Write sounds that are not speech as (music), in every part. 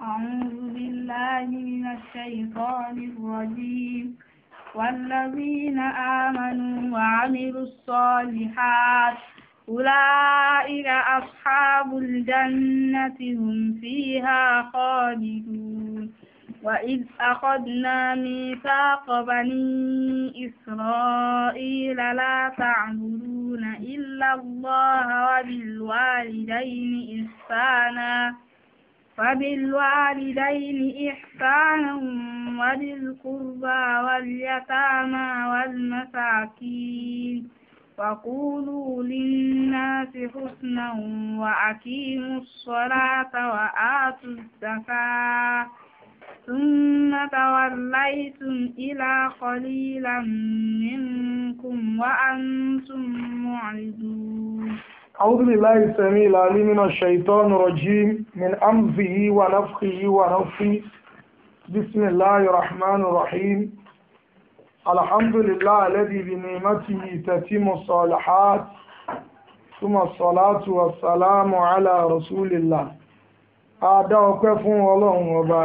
أعوذ بالله من الشيطان الرجيم والذين آمنوا وعملوا الصالحات أولئك أصحاب الجنة هم فيها خالدون وإذ أخذنا ميثاق بني إسرائيل لا تعبدون إلا الله وبالوالدين إحسانا فبالوالدين إحسانا وذي القربى واليتامى والمساكين وقولوا للناس حسنا وأقيموا الصلاة وآتوا الزكاة ثم توليتم إلى قليلا منكم وأنتم معرضون أعوذ بالله السميع العليم من الشيطان الرجيم من أمزه ونفخه ونفخه بسم الله الرحمن الرحيم الحمد لله الذي بنعمته تتم الصالحات ثم الصلاة والسلام على رسول الله Adá ọpẹ́ fún Ọlọ́run ọba.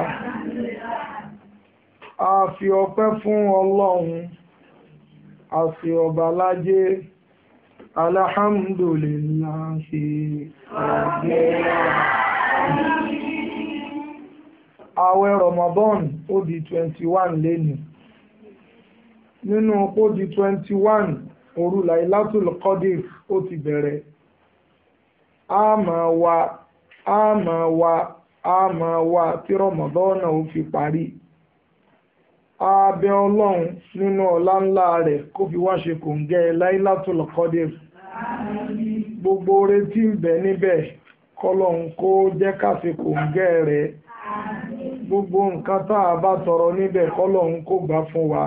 A fi ọpẹ́ fún Ọlọ́run. A fi الحمد لله رب Ramadan ó di twenty one lẹ́nu nínú ó di twenty one òru Lailatul Qadr ó ti bẹ̀rẹ̀ a máa wá a máa wá a máa wá tí Ramadan ó fi parí a bẹ̀ Ọlọ́run nínú ọlá ńlá rẹ̀ kó fi wá ṣe kòǹgẹ́ Lailatul Qadr gbogbo retí ń bẹ níbẹ̀ kọlọ́hún kó jẹ́ kásìkò ń gẹ́ rẹ̀ gbogbo nǹkan tá a bá tọrọ níbẹ̀ kọlọ́hún kó gbà fún wa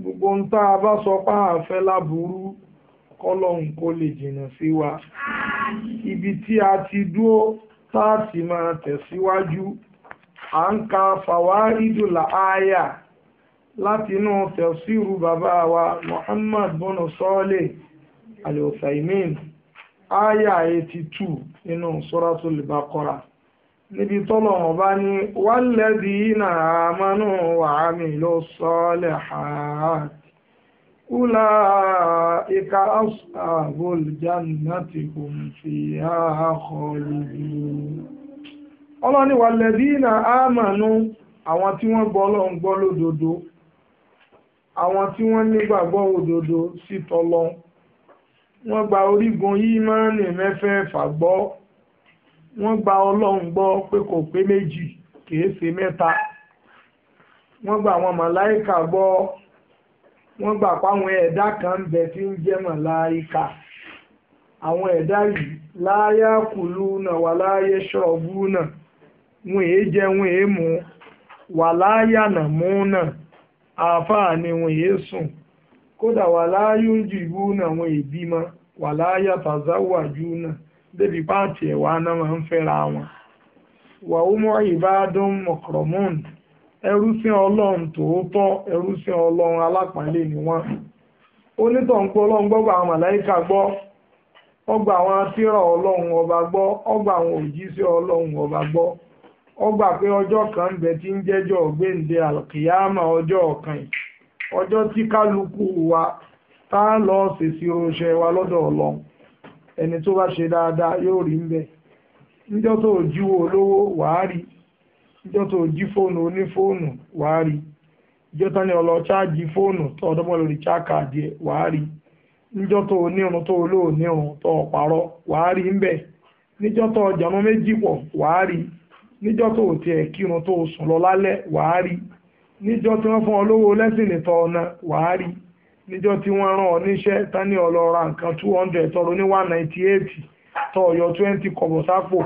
gbogbo ń tá a bá sọ pé àfẹ́ láburú kọlọ́hún kó lè jìnnà sí wa ibi tí a ti dúró tá a ti máa tẹ̀síwájú à ń ka fàwárídùlà ááyà látinú tẹ̀síru bàbá wa Muhammad bọ́nà sọ́ọ́lẹ̀ alẹ́ òsàìmíìnì áyà 82 nínú Suratul Baqara níbi tọ́lọ̀ ọba ní walladhina amanu wa amilu salihat ulaika ashabul jannati hum fiha khalidun ọlọ́ni walladhina amanu àwọn tí wọ́n gbọ́ ọlọ́run gbọ́ lódodo àwọn tí wọ́n nígbàgbọ́ òdodo sí tọ́lọ́run wọ́n gba orígun yìí mẹ́fẹ́ fà gbọ́ wọ́n gba ọlọ́run gbọ́ pé kò pé méjì kìí ṣe mẹ́ta wọ́n gba àwọn màláìkà gbọ́ wọ́n gbà páwọn ẹ̀dá kan ń bẹ tí ń jẹ́ màláìkà àwọn ẹ̀dá yìí láyà kùlù náà wà láyé ṣọ́ọ̀bù náà wọn èé jẹ wọn èé mu wà láyà nàmú náà àáfàá ni wọn èé sùn kódà wà láàyò jìbú náà wọn ìbímọ wà láàyà tàzáwàjú náà débi páàtì ẹ̀wà náà máa ń fẹ́ra wọn. wà ó mọ ìbádùn mọ̀kọ̀rọ̀mọ́n ẹrú sí ọlọ́run tòótọ́ ẹrú sí ọlọ́run alápàlẹ́ ni wọ́n. onítọ̀hún ọlọ́run gbọ́gbà àwọn màláìka gbọ́ ọgbà àwọn atírà ọlọ́run ọba gbọ́ ọgbà àwọn òjíṣẹ́ ọlọ́run ọba gbọ́ ọgbà ọjọ́ tí kálukú wa tá a lọ ṣèṣì oṣẹ́ wa lọ́dọ̀ ẹni tó bá ṣe dáadáa yóò rí ńbẹ níjọ́ tó jíwó olówó wàá rí níjọ́ tó jí fóònù onífóònù wàá rí níjọ́ ọlọ fóònù tó lórí wàá rí níjọ́ tó onírun tó tó ọ̀pàrọ̀ wàá rí níjọ́ tó méjì pọ̀ wàá rí níjọ́ tó tiẹ̀ kírun tó níjọ́ tí wọ́n fún olówó lówó lẹ́sìn ìtọ̀ ọ̀nà tí wọ́n rán ọ tání nǹkan two hundred tọrọ ní one ninety eight tọ ọ̀yọ́ twenty kọ̀bọ̀ sápò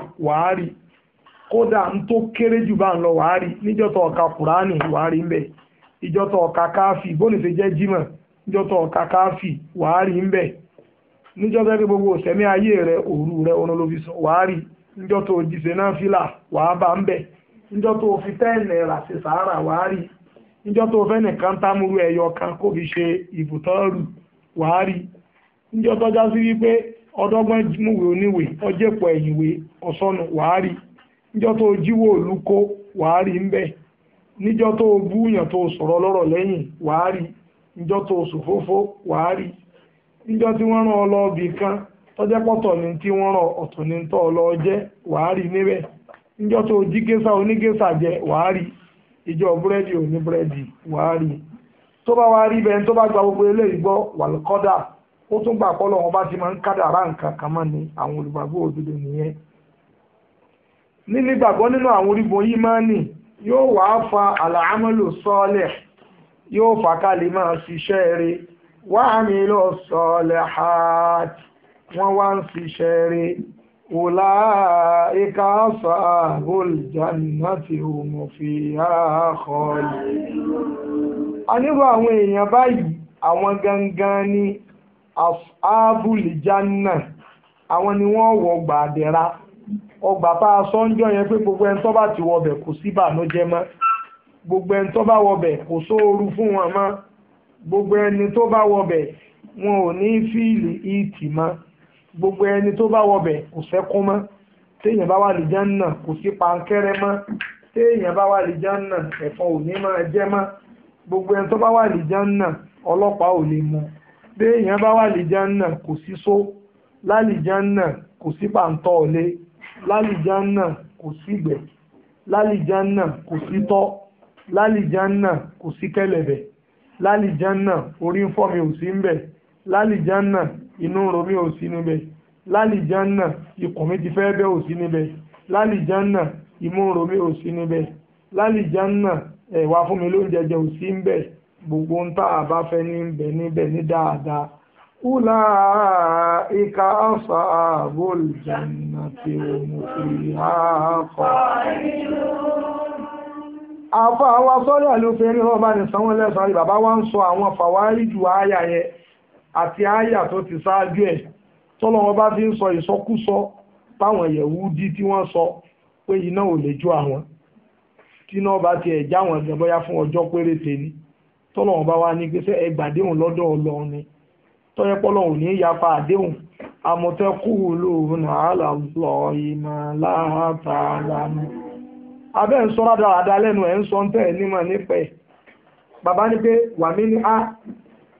kódà ń tó kéré jù bá ń lọ wàá rí tó ọ̀ka kùránì ń tó bóni rẹ òru rẹ ọ̀nà sọ tó náà fìlà wàá bá ń tó fi tẹ́ẹ̀nì rà níjọ́ tó fẹ́ nìkan támúrú ẹyọ kan kó fi ṣe ìbùtọ́rù wàárí níjọ́ tó já sí wípé ọdọ́gbọ́n múwèé oníwèé ọjẹ́pọ̀ ẹ̀yìnwèé eyiwe osonu níjọ́ tó jíwó ojiwo oluko ń tó búyàn tó sọ̀rọ̀ lọ́rọ̀ lẹ́yìn tó sòfófó tí wọ́n rán kan tọ́jẹ́ pọ̀tọ̀ ní tí wọ́n rán ọ̀tọ̀ ní tọ́ níbẹ̀ tó ìjọ búrẹ́dì ò ní búrẹ́dì wàá rí tó bá wá rí bẹ́ẹ̀ tó bá gba gbogbo eléyìí gbọ́ wàlúkọ́dà ó tún gbà pọ́ lọ́wọ́ bá ti máa ń kádàrá nǹkan kan mọ́ ni àwọn olùgbàgbọ́ òdodo nìyẹn níní gbàgbọ́ nínú àwọn orígun yìí máa nì yóò wá fa àlàámọ́lò sọ́ọ̀lẹ̀ yóò fà ká lè máa ṣiṣẹ́ eré wá lọ sọ́ọ̀lẹ̀ hàt wọ́n wá ń ṣiṣẹ́ eré أولئك أصحاب الجنة هم فيها خالدون Anírú àwọn èèyàn báyìí, àwọn gangan ni Ashabulijanna, àwọn ni wọ́n wọ ọgbà àdẹ̀ra. Ọgbà bá a sọ́njọ́ yẹn pé gbogbo ẹni tó bá ti wọbẹ̀ kò sí ìbànújẹ́ mọ́. Gbogbo ẹni tó bá wọbẹ̀ kò sóoru fún wọn mọ́. Gbogbo ẹni tó bá wọbẹ̀ wọn ò ní fíìlì ìtì mọ́ gbogbo ẹni tó bá wọbẹ̀ kò sẹ́kún mọ́ téèyàn bá wà lè jánà kò sí pankẹ́rẹ́ mọ́ téèyàn bá wà lè jánà ẹ̀fọn ò ní máa jẹ mọ́ gbogbo ẹni tó bá wà lè jánà ọlọ́pàá ò lè mú téèyàn bá wà lè jánà kò sí só lálìjánà kò sí pàǹtọ́ ọ̀lẹ́ lálìjánà kò sí ìgbẹ́ lálìjánà kò sí tọ́ lálìjánà kò sí kẹlẹ̀bẹ̀ lálìjánà orí ń fọ́ mi ò sí ń bẹ̀ lálìjánà inú ń ro mí ò sí níbẹ̀ lálìjánà ikùn mi ti fẹ́ bẹ́ ò sí níbẹ̀ lálìjánà imú ń ro mí ò sí níbẹ̀ lálìjánà ẹ̀wà fún mi ló ń jẹjẹ ò sí níbẹ̀ gbogbo ń tà bá fẹ́ níbẹ̀ níbẹ̀ ní dáadáa kúlà ìka àṣà ààbò tí òun fi há kọ. àfa àwa sọ́yà ló fi rí ọba nìsanwó lẹ́sàn-án bàbá wa ń sọ àwọn fàwárí ju àyà yẹn àti àyà tó ti ṣáájú ẹ̀ tọ́lọ́wọ́n bá fi ń sọ ìsọkúsọ táwọn Yẹ̀húdí tí wọ́n sọ pé iná ò lè jó àwọn tí iná bá tiẹ̀ já àwọn ẹ̀gbẹ́ bóyá fún ọjọ́ péréte ni tọ́lọ́wọ́n bá wá ní gbèsè ẹgbàdéhùn lọ́dọ̀ Ọlọ́run ni tọ́yẹ́ pọ́lọ́hùn ní yapa àdéhùn àmọ̀tẹ́kù lóòrùn àhàlà lọ ìmọ̀ láàtàlámù abẹ́ ń sọ rádaràdá lẹ́nu ẹ̀ ń sọ ń tẹ̀ nímọ̀ nípẹ̀ bàbá ní pé wàmí ní á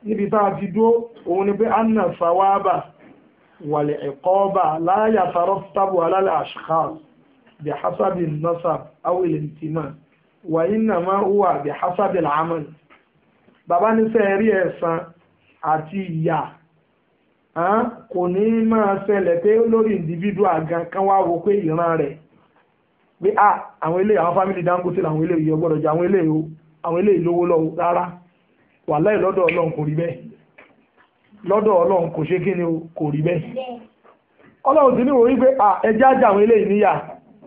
níbi tá a ti dúró òun ni pé anna sawaba wàlẹ̀ ẹ̀kọ́ọ̀bà láyà sàrọ̀ tábù alálẹ̀ ashkhas bí hasabi nasab awil intima wà innama huwa bí hasabi al'amal bàbá ní sẹ́ẹ̀rí ẹ̀san àti ìyà kò ní máa ṣẹlẹ̀ pé lórí individual gan kan wá wo pé ìran rẹ̀ pé ah, àwọn eléyìí àwọn fámìlì Dangote làwọn eléyìí ọgbọ́dọ̀ jẹ àwọn eléyìí lówó lọ́wọ́ rárá wàláì lọ́dọ̀ ọlọ́run kò rí bẹ́ẹ̀ lọ́dọ̀ ọlọ́run kò ṣe kí ni kò rí bẹ́ẹ̀ ọlọ́run ti ní wòrí pé ẹjẹ́ ajá àwọn eléyìí níyà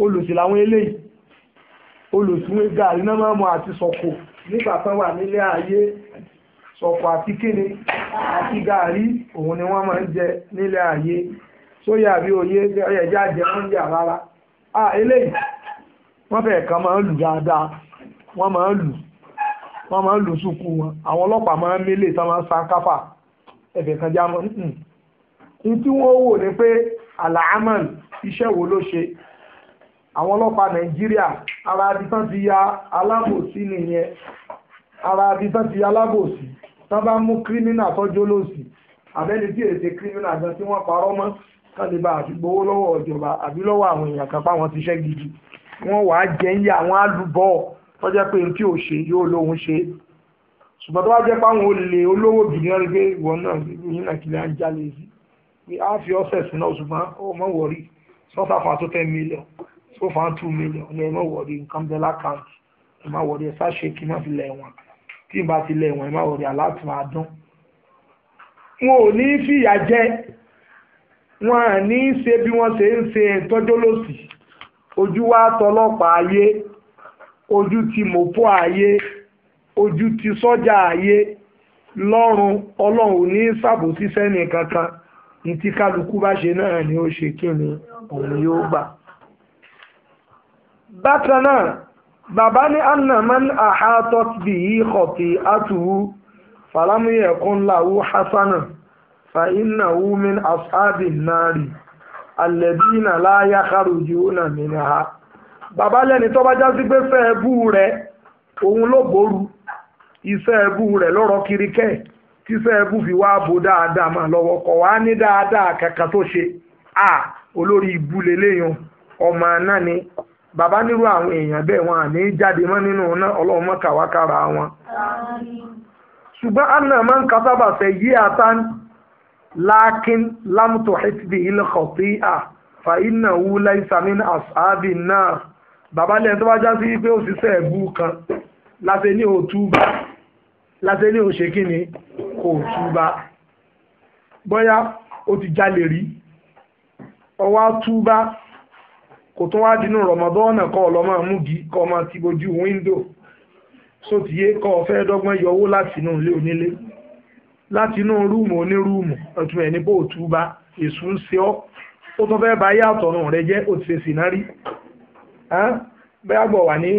olùsì làwọn eléyìí máa mọ àti sọ̀kò nígbà tán wà nílé ayé sọ̀kò àti kíni àti ni wọ́n máa ń jẹ nílé ayé sóyè àbí òye ẹjẹ́ ń yà rárá eléyìí wọ́n máa ń lù dáadáa wọ́n máa wọ́n máa ń lù sùkú wọn àwọn ọlọ́pàá máa ń mélé tán máa ń san káfà ẹ̀bẹ̀ kan já mọ́ ní tí wọ́n wò ní pé alahamal iṣẹ́ wo ló ṣe àwọn ọlọ́pàá nàìjíríà ara abitán ti ya alábòsí nìyẹn ara abitán ti ya alábòsí tán bá mú kírímínà tọ́jú lòsì àbẹ́ni tí èsè kírímínà gan tí wọ́n parọ́ mọ́ kán lè ba àdúgbò owó lọ́wọ́ ìjọba àbí lọ́wọ́ àwọn èèyàn kan fáwọn ti ṣẹ́ gidi wọ́n wàá jẹ́ ń yà wọ́n á tó jẹ́ pé tí ò ṣe yóò lóhun ṣe ṣùgbọ́n tó bá jẹ́ páwọn olè olówó jù ní ọ̀rẹ́ pé ìwọ̀n náà yín náà kìlẹ̀ ń jalè sí pé á fi ọ̀sẹ̀ sí náà ṣùgbọ́n ó mọ̀ wọ̀rí sọ́fà fún àtúntẹ̀ mílíọ̀n sọ́fà two mílíọ̀n ní ẹ mọ̀ wọ̀rí nǹkan bẹ́ẹ̀ lákàntì ẹ má wọ̀rí ẹ sáṣe kí má fi lẹ̀ wọ̀n tí ì bá ti lẹ̀ wọ̀n ẹ wọ̀rí aláàtì máa dán. wọn ò ní fìyà jẹ wọn à ní ṣe bí wọn ṣe ń ṣe ẹ̀ńtọ́jọ́lọ́sì ojú wa tọlọ́pàá ayé ojú ti mọ̀pó ayé ojú ti sọ́jà ayé lọ́rùn ọlọ́run ò ní ṣàbòsí sẹ́ni kankan ní tí kálukú bá ṣe náà ni ó ṣe kí ni òun yóò gbà. bákan náà bàbá ní anaman ahatot bí i kọ̀tì àtúwú fàlámùyẹ̀kún làwú hasana fàínà wúmin asábì náà rí alẹ́bí náà láyà kárùjú náà mìíràn bàbá lẹ́ni tó bá já sí pé fẹ́ ẹbú rẹ̀ òun ló gbòòrú iṣẹ́ ẹbú rẹ̀ lọ́rọ̀ kirikẹ́ tí iṣẹ́ ẹbú fi wá bo dáadáa mà lọ́wọ́ kọ̀ wá ní dáadáa kankan tó ṣe à olórí ibú leléyàn ọmọ náà ni bàbá nírú àwọn èèyàn bẹ́ẹ̀ wọn àní jáde mọ́ nínú náà ọlọ́run mọ́ kàwákàrà wọn. ṣùgbọ́n anna máa ń kasábà fẹ́ yí àtàn lákín lámùtò hẹ́tìbì ilẹ̀ kọ̀ọ̀tì à fa iná wúlẹ̀ ìsàmì àṣàbì náà bàbá lẹ́yìn tó bá já sí pé òṣìṣẹ́ ẹ̀bú kan láti ní òtúbà láti ní òṣè kíni kò túbà bóyá ó ti jalè rí ọwọ́ túbà kò tún wá dínú rọmọdọ́nà kọ́ ọlọ́mọ múgi kọ́ ọmọ ti bojú wíńdò sótìyé kọ́ ọ̀fẹ́ dọ́gbọ́n yọ owó láti inú ilé onílé láti inú rúùmù onírúùmù ọtún ẹ̀ ní bó túbà èṣù ń ṣe ọ́ ó tún fẹ́ bá yàtọ̀ ọ̀nà rẹ jẹ́ òtítẹ́sì náà rí bẹ́ẹ̀ bọ̀ wà ní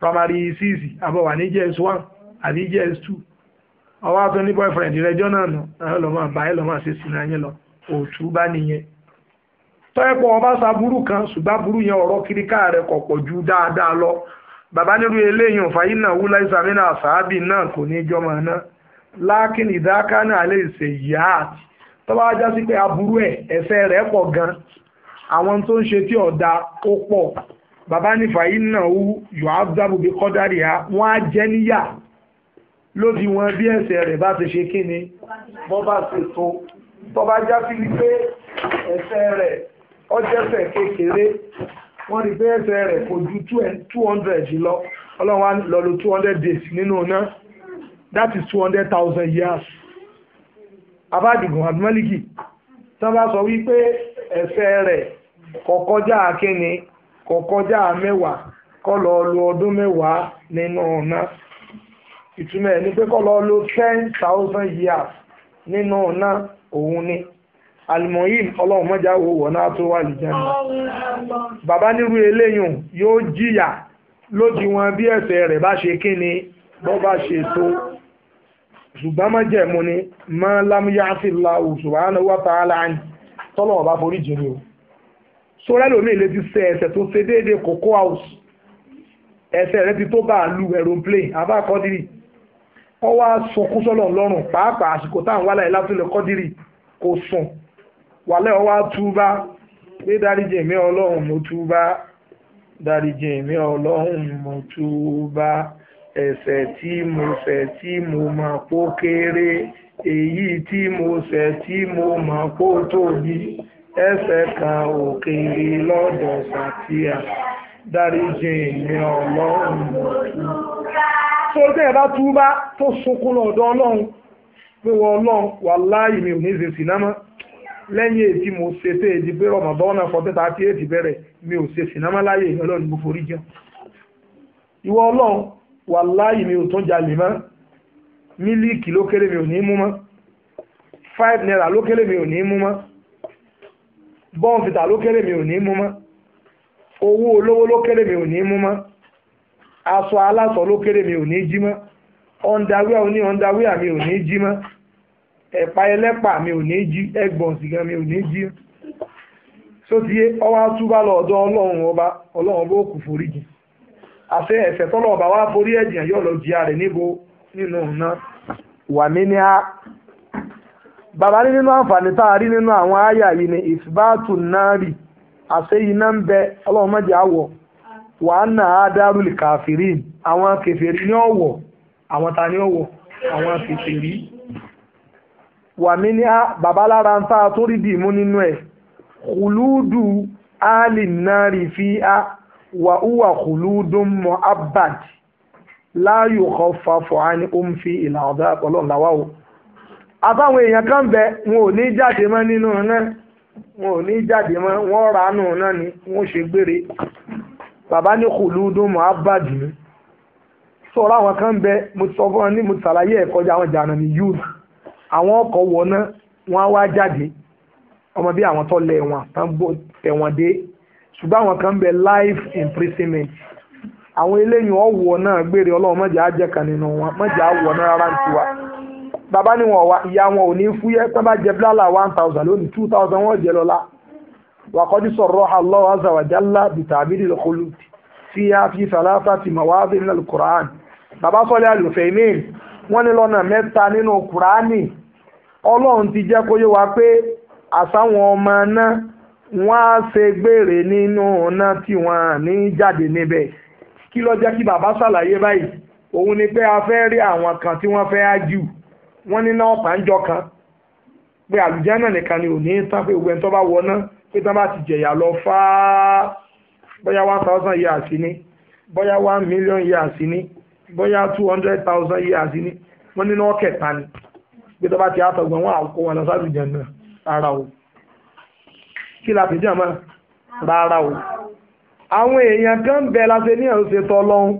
primary six àbọ̀ wà ní gs one àbí gs two ọwọ́ àti ní boyfriend rẹ jọ́ náà náà lọ́mọ àbáyé lọ́mọ àṣeṣì náà lọ òtú bá nìyẹn ẹ̀pọ̀ ọba kan ṣùgbọ́n burú yẹn ọ̀rọ̀ pọ̀ ju dáadáa lọ bàbá kò ní ìdáká náà lè ṣe aburú ẹ̀ ẹ̀fẹ́ rẹ̀ gan àwọn tó ń ṣe tí bàbá ní fàyín náà wú yọ ábúdábù bí kọ́dárì á wọ́n á jẹ́ níyà lódi wọn bí ẹ̀ṣẹ̀ rẹ̀ bá ti ṣe kí ni bọ́ bá ṣe tó tọ́ bá já sí wípé ẹ̀ṣẹ̀ rẹ̀ ọjẹ́sẹ̀ kékeré wọ́n rí pé ẹ̀ṣẹ̀ rẹ̀ kò ju two hundred lọ ọlọ́run wa two hundred days nínú náà that is two hundred thousand years abadigun abdulmaliki tí wọ́n bá sọ wípé ẹ̀ṣẹ̀ rẹ̀ kọ̀kọ́jà kínni kò kọjá mẹ́wàá kọ́ lọ lo ọdún mẹ́wàá nínú ọ̀nà ìtumọ̀ ẹ̀ ni pé kọ́ ten thousand years nínú ọ̀nà òun ni alimoyin ọlọ́run mọ́jà wo wọ̀ná tó wà lìjẹ́nu bàbá nírú eléyìn yóò jìyà lójú wọn bí ẹ̀ṣẹ̀ rẹ̀ bá ṣe kí ni bọ́ bá ṣe tó ṣùgbọ́n má jẹ́ mu ni má lámúyá sí la subhanahu tọ́lọ̀ ọ̀bá forí jìnnì o sórí ẹlòmíì lè ti ṣe ẹsẹ̀ tó ṣe déédéé cocoa house ẹsẹ̀ rẹ ti tó bá a lu aeroplane abá kọ́dírì wọ́n wá sunkún sọ́lọ̀ lọ́rùn pàápàá àsìkò táwọn wálé látúlẹ̀ kọ́dírì kò sùn wàlẹ́ ọ wá túbá pé dáríjì mi ọlọ́run mo túbá dáríjì mi ọlọ́run mo túbá ẹ̀ṣẹ̀ tí mo ṣẹ̀ tí mo mọ̀ pó kéré èyí tí mo ṣẹ̀ tí mo mọ̀ pó tóbi ẹsẹ̀ kan òkèèrè lọ́dọ̀ sàtíà dáríjì ní ọlọ́run tó tẹ́ ẹ̀bá túbá tó sunkún lọ́dọ̀ ọlọ́run pé wọ́n ọlọ́run wà láàyè mi ò ní ṣe sínámá lẹ́yìn èyí mo ṣe tó èdè pé rọmọdọ́nà fọ́tẹ́ tá a ti èdè bẹ̀rẹ̀ mi ò ṣe sínámá láyè ọlọ́run mo forí jẹun ìwọ ọlọ́run wà láàyè mi ò tún jalè mọ́ mílíìkì lókèrè mi ò ní mú mọ́ five naira lókèrè mi ò ní mú mọ́ bọ́ǹfìtà ló kéré mi ò ní mú mọ́ owó olówó ló kéré mi ò ní mú mọ́ aṣọ aláṣọ ló kéré mi ò ní jí mọ́ ọ̀ndàwíà oní ọ̀ndàwíà mi ò ní jí mọ́ ẹ̀pà ẹlẹ́pà mi ò ní jí ẹgbọ̀n gan mi ò ní jí sótìyé ọwọ́ àtúbà ọba ọlọ́run bó kù wa forí ẹ̀jìn yóò lọ rẹ̀ níbo nínú ọ̀nà bàbá ní nínú àǹfààní tá a rí nínú àwọn àyà yìí ni ìsìbáàtù náà rì àṣẹ iná ń bẹ ọlọ́run mọ́jà àwọ̀ wàá nà á dárú kàfìrí àwọn kèfèrí ní ọ̀wọ̀ àwọn ta ní ọ̀wọ̀ àwọn kèfèrí wàmí ní bàbá lára ń tá a tó rí dìímú nínú ẹ̀ kùlúùdù áàlì náà rì fi á wà úwà kùlúùdù mọ́ abad láàyò kan fa fọ̀ á ní ó ń fi ìlànà ọ̀dà ọlọ́run àbáwọn èèyàn kan bẹ wọn ò ní jáde mọ́ nínú náà wọn ò ní jáde mọ́ wọ́n ránù náà ni wọ́n ṣe gbére bàbá ní khuludun mu'abbadun ni sọ̀rọ̀ àwọn kan bẹ mo sọ fún ọ ní mo ṣàlàyé ẹ̀ kọjá àwọn jàǹdà ní yúù àwọn ọkọ̀ wọ̀ náà wọ́n á wá jáde ọmọ bí àwọn tó lẹ̀ wọn tẹ̀wọ̀n dé ṣùgbọ́n àwọn kan bẹ life imprisonment àwọn eléyìí ọ̀wọ̀ náà gbére ọlọ́run mọ̀jà á jẹ́ kan nínú wọn mọ̀jà á wọ̀ náà rárá ń tiwa bàbá ni wọn wá ìyá wọn ò ní fúyẹ́ tó bá jẹ bílálà one thousand lónìí two thousand wọn jẹ lọ́la wàkọ́jú sọ̀rọ̀ Allah azawajalla wa jalla bìtàbílì lọ́kọ́lù fi hàn fi sàlásà ti mọ̀ wáá bínú alukur'an bàbá sọ̀rọ̀ àlùfẹ́ mail wọ́n ní lọ́nà mẹ́ta nínú kùránì ọlọ́run ti jẹ́ kó yé wa pé àsáwọn ọmọ náà wọ́n á ṣe gbére nínú ọ̀nà tí wọ́n ní jáde níbẹ̀ kí ló jẹ́ kí bàbá ṣàlàyé báyìí òun ni pé a fẹ́ rí àwọn kan tí wọ́n fẹ́ ájú wọ́n ní náà pàǹjọ kan pé àlùjáná nìkan ni ò ní tán pé gbogbo ẹni tó bá wọ náà pé tán bá ti jẹ̀yà lọ fáá bóyá one thousand years ni bóyá one million years ni bóyá two hundred thousand years ni wọ́n ní náà kẹta ni pé tó bá ti àtọ̀gbọ̀n wọn àkókò wọn lọ sáà àlùjáná rárá o kí la fi jẹ́ àmọ́ rárá o àwọn èèyàn kan ń bẹ láti ní ẹ̀rọ ṣe tọ́ lọ́hún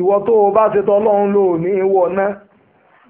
ìwọ tó o bá ṣe tọ́ lọ́hún lò ní ìwọ náà.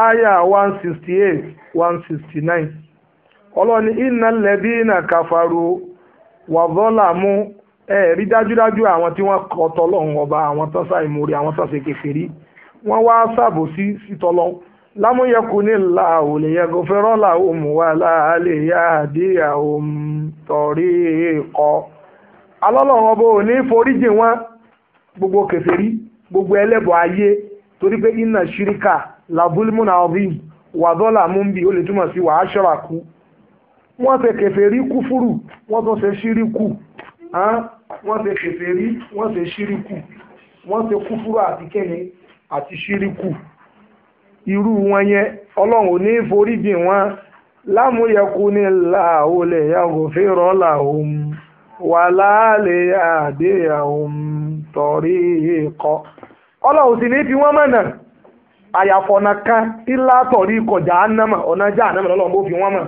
aya 168 169 ọlọ́ni iná lẹ́dínà kàfàrú wàzọ́làmú ẹ̀rí dájúdájú àwọn tí wọ́n kọ́ tọ́lọ́hún ọba àwọn tó sá àwọn tó ṣe kèfèrí wọ́n wá sàbò sí sítọ́lọ́ lámúyẹkù wà yá kọ́ alọ́lọ́hún ọba ò ní foríjì gbogbo gbogbo ẹlẹ́bọ̀ ayé torí pé iná ṣíríkà làbúlímù náà rí wàdọ́là mú bí ó lè túmọ̀ sí wàá ṣọ́ra kú wọ́n ṣe kèfèrí kúfúrù wọ́n tó ṣe ṣíríkù wọ́n ṣe kèfèrí wọ́n ṣe ṣíríkù wọ́n ṣe kúfúrù àti kẹ́ni àti ṣíríkù irú wọn yẹn ọlọ́run ò ní foríjì wọn lámúyẹkú ní làó lè yàgò fèrọ làhùn wà láàlẹ̀ àdéhàùn torí ikọ̀ ọlọ́run sì ní fi wọ́n mọ̀nà àyàfọ̀nà kan ilá tọ̀rí kọjá anamọ̀ ọ̀nà já anamọ̀ lọ́lọ́mọ òfin ma mọ̀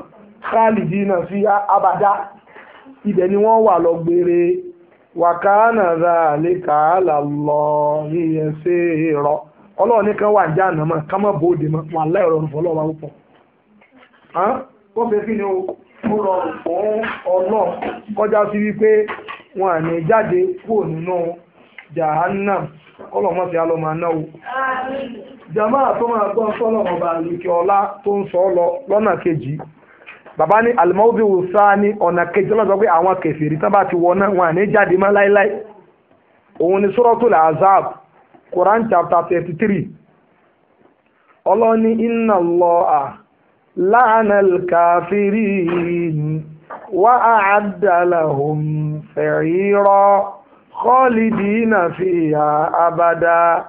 khalidi náà fi abada ibẹ̀ ni wọ́n wà lọ gbere wàkánà rà lẹ́ka àlàlọ́ yíyẹn se ọlọ́ọ̀ni kan wà já anamọ̀ ká má bòde mọ́ wà aláì rọrùn fọlọ́ wa púpọ̀ wọ́n fẹ́ kí ni ó kọjá sí wípé wọn à ní jáde kúrò nínú jahannam alọ́ jama tó máa gbọ́ sọ́nà ọba àlùkè ọlá tó ń sọ lọ lọ́nà kejì bàbá ní alimọ́bí wò sáà ní ọ̀nà kejì lọ́nà sọ pé àwọn kèfèrí tán bá ti wọ náà wọn à ní jáde mọ́ láíláí òun ni suratul azab quran chapter thirty three ọlọ́ni inna Allaha la'ana al-kafirin wa a'adda lahum sa'ira khalidina fiha abada.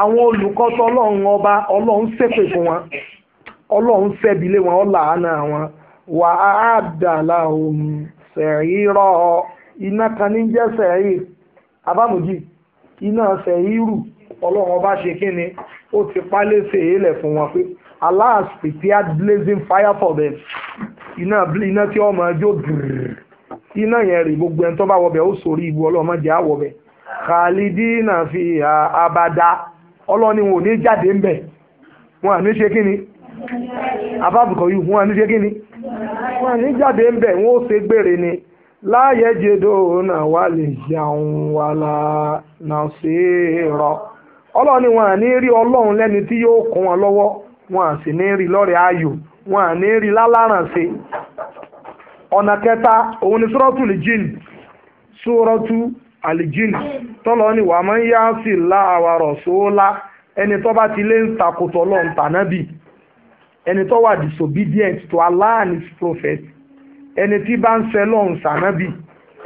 àwọn olùkọ́ tọ́lọ́run ọba ọlọ́run ṣépè fún wọn ọlọ́run ṣẹ́bi lé wọn ọ̀là àánà wọn wà á dàlà òun sẹ̀rí rọ iná kan ní jẹ́ sẹ̀rí abámùjì iná sẹ̀rí rù ọlọ́run ọba ṣe kí ni ó ti pálé ṣe èélẹ̀ fún wọn pé Allah has prepared blazing fire for them iná iná tí ọmọ ẹjọ́ bìrì iná yẹn rè gbogbo ẹni tó bá wọbẹ̀ ó sòrí ibu ọlọ́run má jẹ́ àwọ̀bẹ̀ khalidina fiha abada ọlọ́ni wọn ò ní jáde ń bẹ̀ wọn à ní ṣe kí ni abábùkọ̀ yìí wọn à ní ṣe kí ni wọn à ní jáde ń bẹ̀ ni láàyè jedo náà wà lè yàun wà lánà rọ ọlọ́ni wọn à ní rí ọlọ́run lẹ́ni tí yóò kún wọn lọ́wọ́ wọn à sì ní rí lọ́rẹ̀ ayò wọn à ní rí ọ̀nà kẹta òun ni sọ́rọ́tù lè jìn alijin tọ́lọ́ ni wàá máa ń yá sí láàwà rọ̀ sóòlá ẹni tó bá ti lé ń takòtò ọlọ́run tànábì ẹni tó wà disobedient to Allah and his prophet ẹni tí bá ń ṣe lọ́run sànábì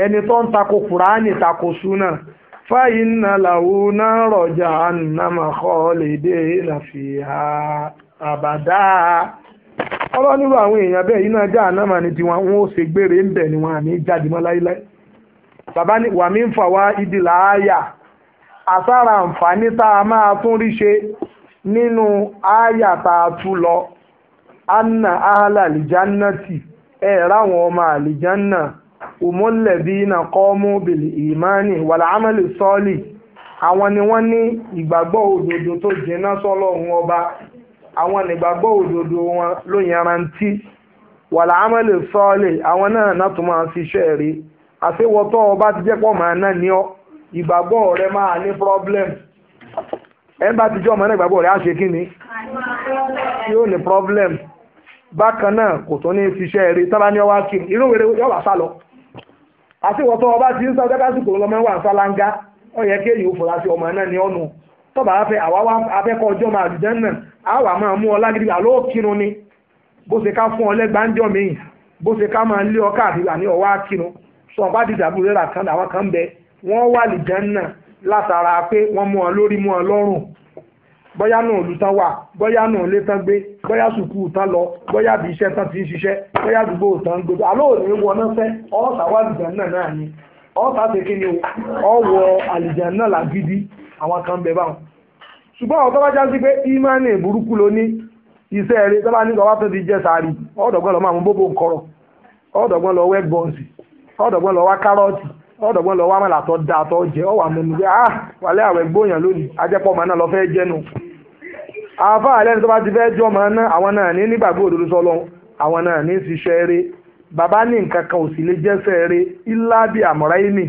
ẹni tó ń takò kùránì takò súnà fáyín náà làwọn náà rọjà ànàmà kọ́ọ̀lédè nàfìhà àbàdà ọlọ́nirú àwọn èèyàn bẹ́ẹ̀ yìí náà já ànàmà ni tiwọn wọn ò ṣègbére ń bẹ̀ ni wọn àní jáde mọ́ láíláí bàbá ní wà mí ń fà wá ìdìlà àyà àsára àǹfààní tá a máa tún rí ṣe nínú àyà tá a tú lọ anna ahala alijannati ẹ ráwọn ọmọ alijanna umulẹbina kọmu bil imani wàlá amali sọọli àwọn ni wọ́n ní ìgbàgbọ́ òdodo tó jìnnà sọ́lọ́run ọba àwọn nígbàgbọ́ òdodo wọn ló yanrantí wàlá amali sọọli àwọn náà náà tún máa fi àṣewọ́tọ́ ọba ti jẹ́ pọ̀ máa náà ní ọ ìgbàgbọ́ rẹ máa ní problem ẹ bá ti jọ́ ọmọ náà ìgbàgbọ́ rẹ á ṣe kí ni tí ó ní problem bákan náà kò tó ní ṣiṣẹ́ eré tábà ní ọwá kí irú wèrè yọ̀wà sá lọ àṣewọ́tọ́ ọba ti ń sáwọ́ jákàsìkò lọ́mọ wà ń sálángá ó yẹ kéèyàn ó fura sí ọmọ náà ní ọ̀nù tọ́ba afẹ́ àwa afẹ́kọ̀ ọjọ́ máa dùjẹ́ náà àwa máa mú ọ lágídí àlọ́ kírun ni bó ṣe ká fún ọ lẹ́gbàá ń jọ mí bó ṣe ká máa lé ọ káàkiri àní ọwọ́ á kírun sọ bá dìjà bú rẹ́rà kan àwọn kan bẹ wọ́n wà lìjánná látara pé wọ́n mú ọ lórí mú ọ lọ́rùn bóyá náà lù tán wà bóyá náà lé tán gbé bóyá sùkúù tán lọ bóyá bí iṣẹ́ tán ti ń ṣiṣẹ́ bóyá àdúgbò tán ń gbé àlọ́ òní wọ náà fẹ́ ọ̀ọ́ta wà lìjánná náà ni ọ̀ọ́ta ṣe kí ni ọ wọ àlìjánná làgídí àwọn kan bẹ báwọn ṣùgbọ́n àwọn tó bá já sí pé ìmánì burúkú ló ní iṣẹ́ rẹ̀ tó bá ní tó ti jẹ́ sáré ọ̀dọ̀gbọ́n lọ́mọ àwọn bóbó ń kọ̀rọ̀ ọ̀dọ̀gbọ́n lọ́wọ́ ẹ̀gbọ́n sí ọ̀dọ̀gbọ́n lọ wá kárọ̀tì ọ̀dọ̀gbọ́n lọ wá mọ̀lá tó da tó jẹ ọ̀wà mọ̀nù pé ah wàlẹ́ àwẹ̀ gbóyàn lónìí ajẹ́pọ̀ màá náà lọ fẹ́ jẹ́nu. àáfà alẹ́ ni tó bá ti fẹ́ jọ màá ná àwọn náà ní nígbàgbọ́ òdodo sọlọ àwọn náà ní ṣiṣẹ́ eré bàbá ní nǹkan kan ò sì lè jẹ́sẹ̀ eré ilá bíi àmọ́ra yìí nì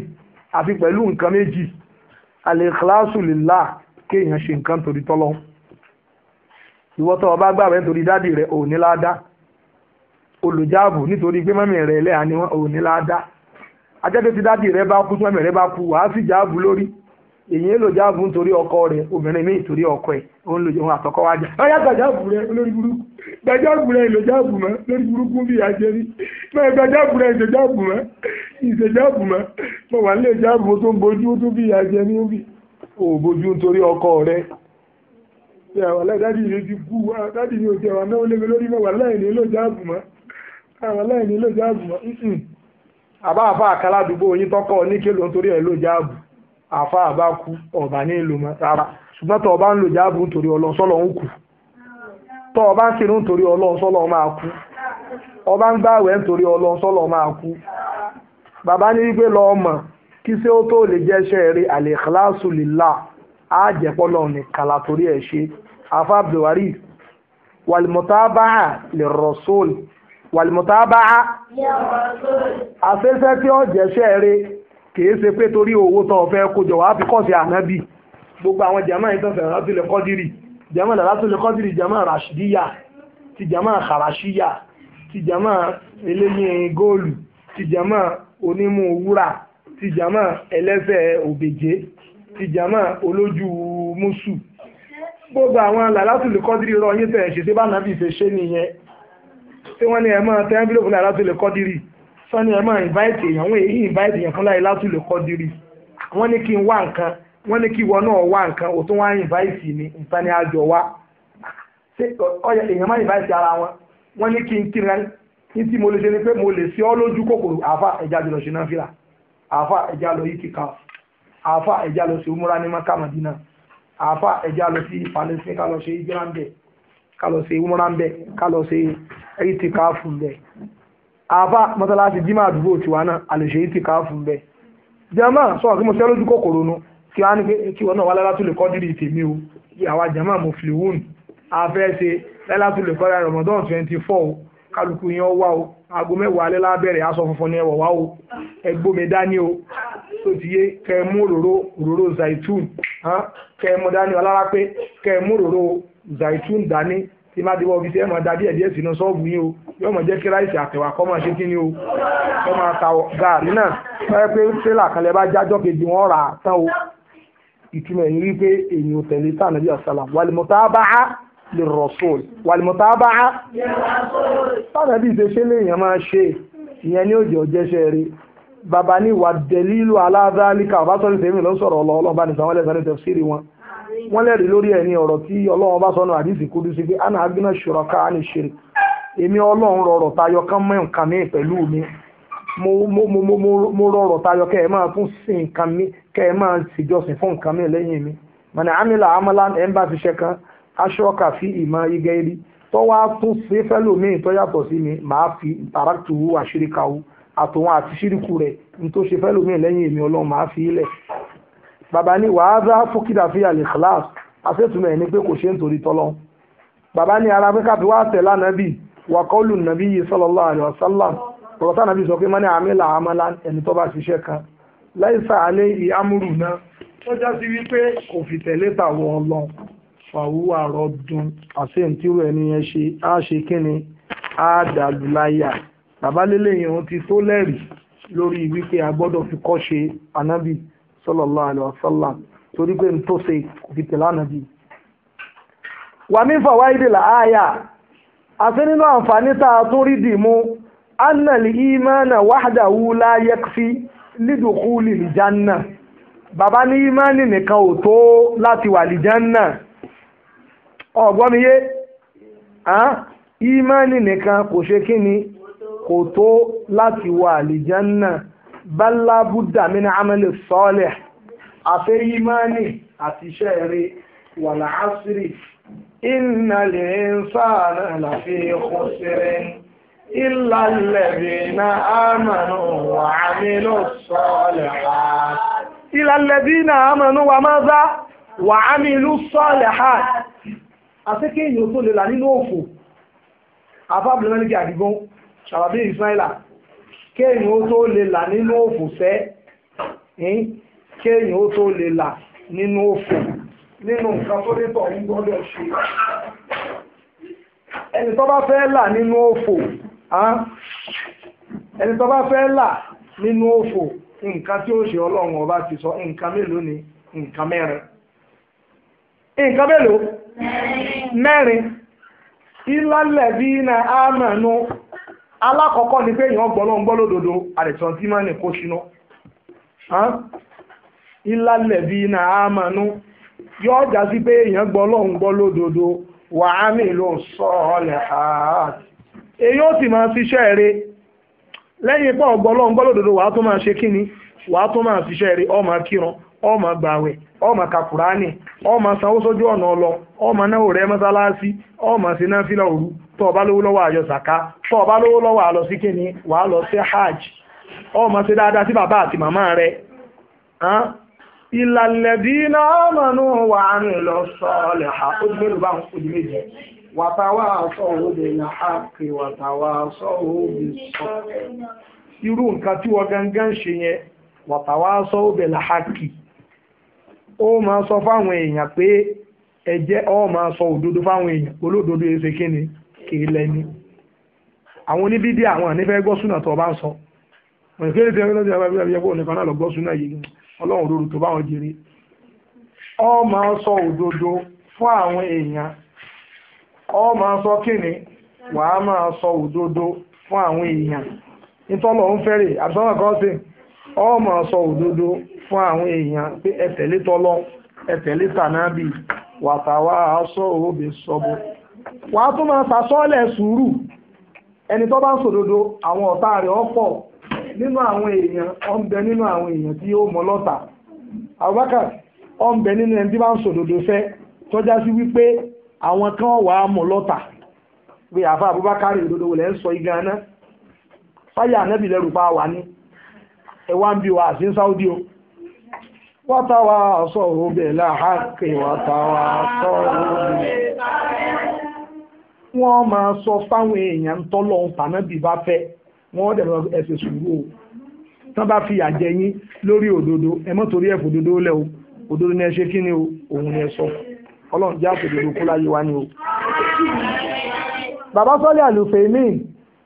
àfi pẹ̀lú nǹkan méjì al-ikhlasu olùjáàbù nítorí pé mọ́mì rẹ̀ ẹlẹ́yà ni wọ́n ládàá ajẹ́pẹ́ tí dádì rẹ bá kú tí mọ́mì rẹ bá kú wàá sì jáàbù lórí èyí ń lò jáàbù nítorí ọkọ rẹ obìnrin míì torí ọkọ ẹ òun lò òun àtọkọ wájà ọyá gbàjáàbù rẹ lórí burúkú gbàjáàbù rẹ ìlò jáàbù mọ lórí burúkú bí àjẹ rí mọ gbàjáàbù rẹ ìṣe jáàbù mọ ìṣe jáàbù mọ mo wà nílé jáàbù tó ń bojú tó bí àjẹ ní bí ò bojú nítorí ọkọ rẹ dádì rẹ àwọn láì ní jáàbù mọ àbá àfa àkàládùúgbò yín tọ́kọ̀ ní kélo nítorí ẹ̀ ló jáàbù àfa àbá ku ọ̀bà ní ìlú mọ́ rárá ṣùgbọ́n tọ́ ọba ń lò jáàbù nítorí ọlọ́run sọ́lọ́ ń kù tọ́ ọba ń kírun nítorí ọlọ́run sọ́lọ́ máa kú ọba ń gbàwẹ̀ nítorí ọlọ́run sọ́lọ́ máa kú bàbá ní wípé lọ ọmọ kí ṣé ó tó lè jẹ́ṣẹ́ rí al-ikhlasu lillah àjẹpọ́lọ́ ní kàlà torí ẹ̀ ṣe àfa abdulwari wàlmùtábà lè rọ̀sọ́ọ̀lù wàlìmọ̀tàbáà àṣẹ́ṣẹ́ tí ó jẹ́ṣẹ́ rẹ kìí ṣe pé torí owó tó ọ̀fẹ́ kójọ wàá fi kọ́sí ànábì gbogbo àwọn jama ìtọ́fẹ̀ látúlẹ̀ kọ́dírì jama látúlẹ̀ kọ́dírì jama rashidiyya ti jama kharashiyya ti jama eléyìn góòlù ti jama onímù wúrà ti jama ẹlẹ́sẹ̀ òbèjé ti jama olójú mùsù gbogbo àwọn làlátùlù kọ́dírì rọ yín tẹ̀ ṣe tí bá nàbì ṣe ṣe nìyẹn tí wọ́n ní ẹ máa tẹ́ ẹ́ńbílò fún láìláàtú lè kọ́dírì sọ́ni ẹ máa invite èèyàn wọ́n èyí invite èèyàn fún láìláàtú lè kọ́dírì wọ́n ní kí n wá nǹkan wọ́n ní kí ìwọ náà wá nǹkan ò tún wá invite mi nǹkan ni a jọ wá èèyàn máa invite ara wọn wọ́n ní kí n kí ní tí mo lè ṣe ni pé mo lè ṣe ọ́ lójú kòkòrò àfa ẹ̀já jùlọ ṣe náà fìlà àfa ẹ̀já lọ yìí sí palestine ká lọ ṣe ibrahim bẹ́ẹ̀ ká lọ ṣe umra ń bẹ ká lọ ṣe ìtìkáàfù ń bẹ àbá mọ́tàláṣí jimá àdúgbò tiwa náà àlùṣe ìtìkáàfù ń bẹ jama sọ̀rọ̀ kí mo ṣe lójú kòkòrò nu kí wọ́n á ní pé kí wọ́n náà wá lálátú lè o àwa jama mo fi wún afẹ́ ṣe lálátú lè kọ́dírì Ramadan twenty four o kálukú yẹn wá o aago mẹ́wàá alẹ́ lábẹ́rẹ̀ aṣọ funfun ni ẹwọ̀ wá o ẹgbómi dání o tó ti yé kẹ mú òróró zaitun kẹ mú dání ọlára pé zaitun dani, tí má diwọ́ ọ́fíìsì ẹ̀ máa da díẹ̀ díẹ̀ sínú ṣọ́ọ̀bù yín o yóò máa jẹ́ kí ráìsì àtẹ̀wà kọ́ máa ṣe kí ni o kọ́ máa ta gààrí náà wáyé pé tírélà kan lẹ́ bá jájọ́ kejì wọ́n rà á tán o ìtumọ̀ ẹ̀yìn rí pé èyí ò tẹ̀lé sáà nàbí àsálà wàlìmọ̀tá bá a lè rọ̀sùn wàlìmọ̀tá bá a sáà nàbí ṣe léèyàn máa ṣe ìyẹn ní òjò ọjẹ́ṣẹ́ rí bàbá ní ìwà dẹ̀lílù aláàdá líka ọ̀bá sọ́ni tèmi ló sọ̀rọ̀ ọlọ́ọ̀lọ́ wọ́n lẹ́rìí lórí ẹ̀ ní ọ̀rọ̀ tí ọlọ́run bá sọnù àdìsí kúdú sí pé àná agbínà ṣòro ká ní ṣe èmi ọlọ́run rọrọ̀ tayọ kán mọ́ nǹkan mi pẹ̀lú mi mo rọrọ̀ tayọ kẹ́ ẹ máa tún sí nǹkan mi kẹ́ ẹ máa ṣèjọsìn fún nǹkan mi lẹ́yìn mi mọ̀nà amílà amọ́lá ti kan ìmọ̀ igẹ́ fi àṣírí kàwú àtòwọn àti ṣíríkù rẹ̀ ní tó ṣe lẹ́yìn èmi fi í bàbá ní wàhálà fúkìdà fi àlè class àṣetùmọ̀ ẹ̀ ní pé kò ṣe ń torí tọ́lọ́ bàbá ní ara pé káfí wá tẹ̀lá nàbì wàkọ́lù nàbí yìí sallallahu alaihi wasallam rọ̀tà nàbí sọ pé mọ́ni àmìlà àmàlà ẹni tó bá ṣiṣẹ́ kan láìsà alẹ́ ìhámúrù náà tó já sí wípé kò fi tẹ̀lé tàwọn ọlọ́n fàwúwà rọ́dún àṣẹ ìtìrú ẹni yẹn ṣe á ṣe kíni á dàlú láyà bàbá lélẹ́yìn ohun ti tó lẹ́rìí lórí wípé a gbọ́dọ̀ fi kọ́ ṣe ànábì sallallahu alaihi wasallam torí pé n tó ṣe kò fi tẹ̀lé ànábì. wà mí fà wáyé dìlà àyà àti nínú àǹfààní tá a tún rí dìmú annal imana wahdahu la yakfi lidukuli lijanna bàbá ní imani nìkan ò tó láti wà lijanna ọ̀gbọ́n mi yé nìkan kò ṣe kí kò tó láti wà lijanna bala buddha mi ní amẹ́lì sọ́ọ̀lẹ̀ àfẹ́yímánì àti iṣẹ́ rere wàlà ásírì iná lè ń sáànà láfi ẹ̀kọ́ sẹ́rẹ̀ ìlà lẹ́bí iná àmàlù wà ámìlù sọ́ọ̀lẹ̀ ha ìlà lẹ́bí iná àmàlù wà máa bá wà ámìlù sọ́ọ̀lẹ̀ ha àfẹ́kẹ́ èèyàn tó lè là nínú òfò àfábùlẹ́mẹ́lì àdìgbọ́n ṣàlàbí ìsmáìlà kéèyàn ó tó lè là nínú òfùfẹ́ kéèyàn ó tó lè là nínú òfò nínú nǹkan tó lè tọ̀ ń gbọ́dọ̀ ṣe ẹni tó bá fẹ́ là nínú òfò ẹni tó bá fẹ́ là nínú òfò nǹkan tí ó ṣe ọlọ́run ọba ti sọ nǹkan mélòó ni nǹkan mẹ́rin nǹkan mélòó mẹ́rin ìlàlẹ̀ bí na ámànú. No alákọ̀ọ́kọ́ ni pé èèyàn gbọ́ lọ́n gbọ́ lódodo àdìsàn tí máa ní kó ṣiná ìlàlẹ̀ bí iná pe yóò já sí pé èèyàn gbọ́ lọ́n gbọ́ lódodo wà á mi ló àti èyí ó sì máa ṣiṣẹ́ lẹ́yìn gbọ́ lọ́n gbọ́ lódodo wà á tó máa ṣe kíni wà á tó máa ṣiṣẹ́ rẹ̀ ó máa kírun ọ máa gbàwẹ̀ ọ máa ka Kùránì ó máa sanwó sójú ọ̀nà máa náwó mọ́sálásí máa ṣe tó o bá lówó lọ́wọ́ àyọ sàká tó o bá lówó lọ́wọ́ àlọ sí kíni wà á lọ sí hajj ọ máa ṣe dáadáa sí bàbá àti màmá rẹ ìlàlẹ̀dínà ọmọnú wà ń lọ sọ́ọ̀lẹ̀ ha ó ti mélòó bá ń kúrò méjì wàtàwà sọ irú nǹkan gangan ṣe yẹn wàtàwà sọ́wọ́ lè nà á kì ó máa sọ fáwọn èèyàn pé ẹjẹ́ ọ máa sọ òdodo fáwọn èèyàn olódodo ẹsẹ̀ kí ni kìí lẹ́ni àwọn oníbídí àwọn ànífẹ́ gbọ́sùnà tó bá ń sọ òyìnbó tí wọ́n ti ọba yẹ́pọ̀ nìkan náà lọ yìí ọlọ́run òdodo tó bá wọn jèrè ọ máa sọ òdodo fún àwọn èèyàn ọ máa sọ kíni máa máa sọ òdodo fún àwọn èèyàn pé ẹ tẹ̀lé wàá tún máa sàsọ́ọ̀lẹ̀ sùúrù ẹni tó bá ń sòdodo àwọn ọ̀tá rẹ̀ ọ̀pọ̀ nínú àwọn èèyàn ọ̀nbẹ nínú àwọn èèyàn tí ó mọ lọ́tà Abubakar ọ̀nbẹ nínú ẹni tí bá ń sòdodo fẹ́ tọ́já sí wípé àwọn kan wà á mọ lọ́tà pé àfa Abubakar ìdodo wò lẹ́ ń sọ igan náà fáyà anábì lẹ́rù pa wà ní ẹwà ń bí wa àti ń Sáúdí o wátàwà sọ̀rọ̀ bẹ̀ láhàkè wátàwà sọ̀rọ̀ bẹ̀ wọ́n máa sọ fáwọn èèyàn ń tọ́lọ̀ ń tàná bí bá fẹ́ wọ́n dẹ̀ lọ ẹsẹ̀ sùúrù o tán bá fi àjẹ yín lórí òdodo ẹ mọ́ torí ẹ̀fọ́ òdodo lẹ̀ o òdodo ni ẹ ṣe kí ni o òun ni ẹ sọ ọlọ́run jẹ́ àtòdodo kó láyé wa ni o. bàbá sọ́lé àlùfẹ́ mi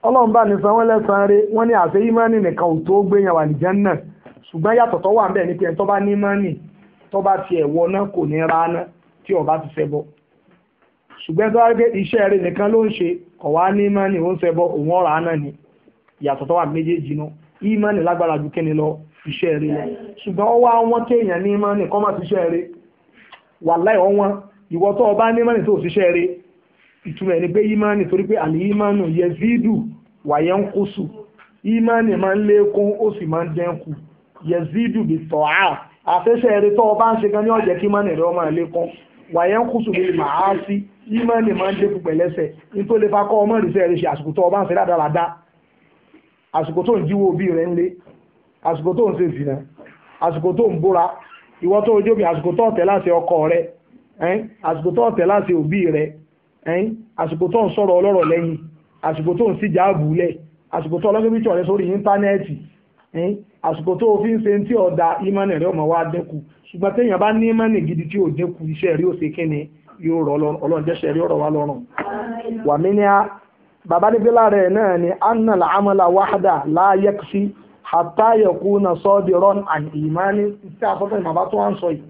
ọlọ́run bá ní sanwó lẹ́sàn-án rẹ wọ́n ní àṣẹ ìmánì nìkan ò tó gbéyàn wà ní Jánnà ṣùgbọ́n yàtọ̀ tó wà ń bẹ̀ ní pé tó bá ní ìmánì tó bá tiẹ̀ wọ náà kò ní ra náà tí ó ti fẹ́ bọ́ ṣùgbọ́n tó wá iṣẹ́ rẹ̀ nìkan ló ń ṣe kọ̀ wá ní imani ó ń ṣẹbọ òun ọ̀rọ̀ àná ni tó wà méjèèjì lágbára lọ iṣẹ́ rẹ̀ lọ ṣùgbọ́n ọwọ́ àwọn kéèyàn ní imani kọ́ máa ṣiṣẹ́ rẹ̀ wàláì ọwọ́n ìwọ tó ní tó ṣiṣẹ́ rẹ̀ ìtumọ̀ ẹni pé torí pé àlè ń máa ń lékún ó sì máa ń dẹ́kù bí ìmọ̀ọ́nì máa ń lékún pẹ̀lẹ́sẹ̀ nítorí lè fa kọ́ ọmọ ìrìnsẹ̀ rẹ̀ ṣe àsìkò tó ọba ń ṣe dáadáa àsìkò tó ń jíwó òbí rẹ̀ ń lé àsìkò tó ń ṣe ìsìnà àsìkò tó ń búra ìwọ tó ojú mi àsìkò tó ọ̀tẹ̀ láti ọkọ rẹ̀ àsìkò tó ọ̀tẹ̀ láti òbí rẹ̀ àsìkò tó ń sọ̀rọ̀ ọlọ́rọ̀ lẹ́yìn àsìkò tó ń síjà àbúlẹ̀ àsìkò tó ọlọ́gbẹ́ bíjọ́ sórí íńtánẹ́ẹ̀tì àsìkò tó o fi ń ṣe tí ọ̀dà ìmọ̀nì rẹ̀ ọmọ wa dẹ́kù ṣùgbọ́n téèyàn bá ní ìmọ̀nì gidi tí ò dẹ́kù iṣẹ́ rí òṣèkéne yóò rọ ọlọ́run jẹ́sẹ̀ rí ọ̀rọ̀ wa lọ́rùn wà mí ní a bàbá ní bílà rẹ̀ náà ni anna al-amala wahda la yakfi hatta yakuna sadiran an imani tí a sọ́tọ̀ ìmọ̀ bá tó wá ń sọ yìí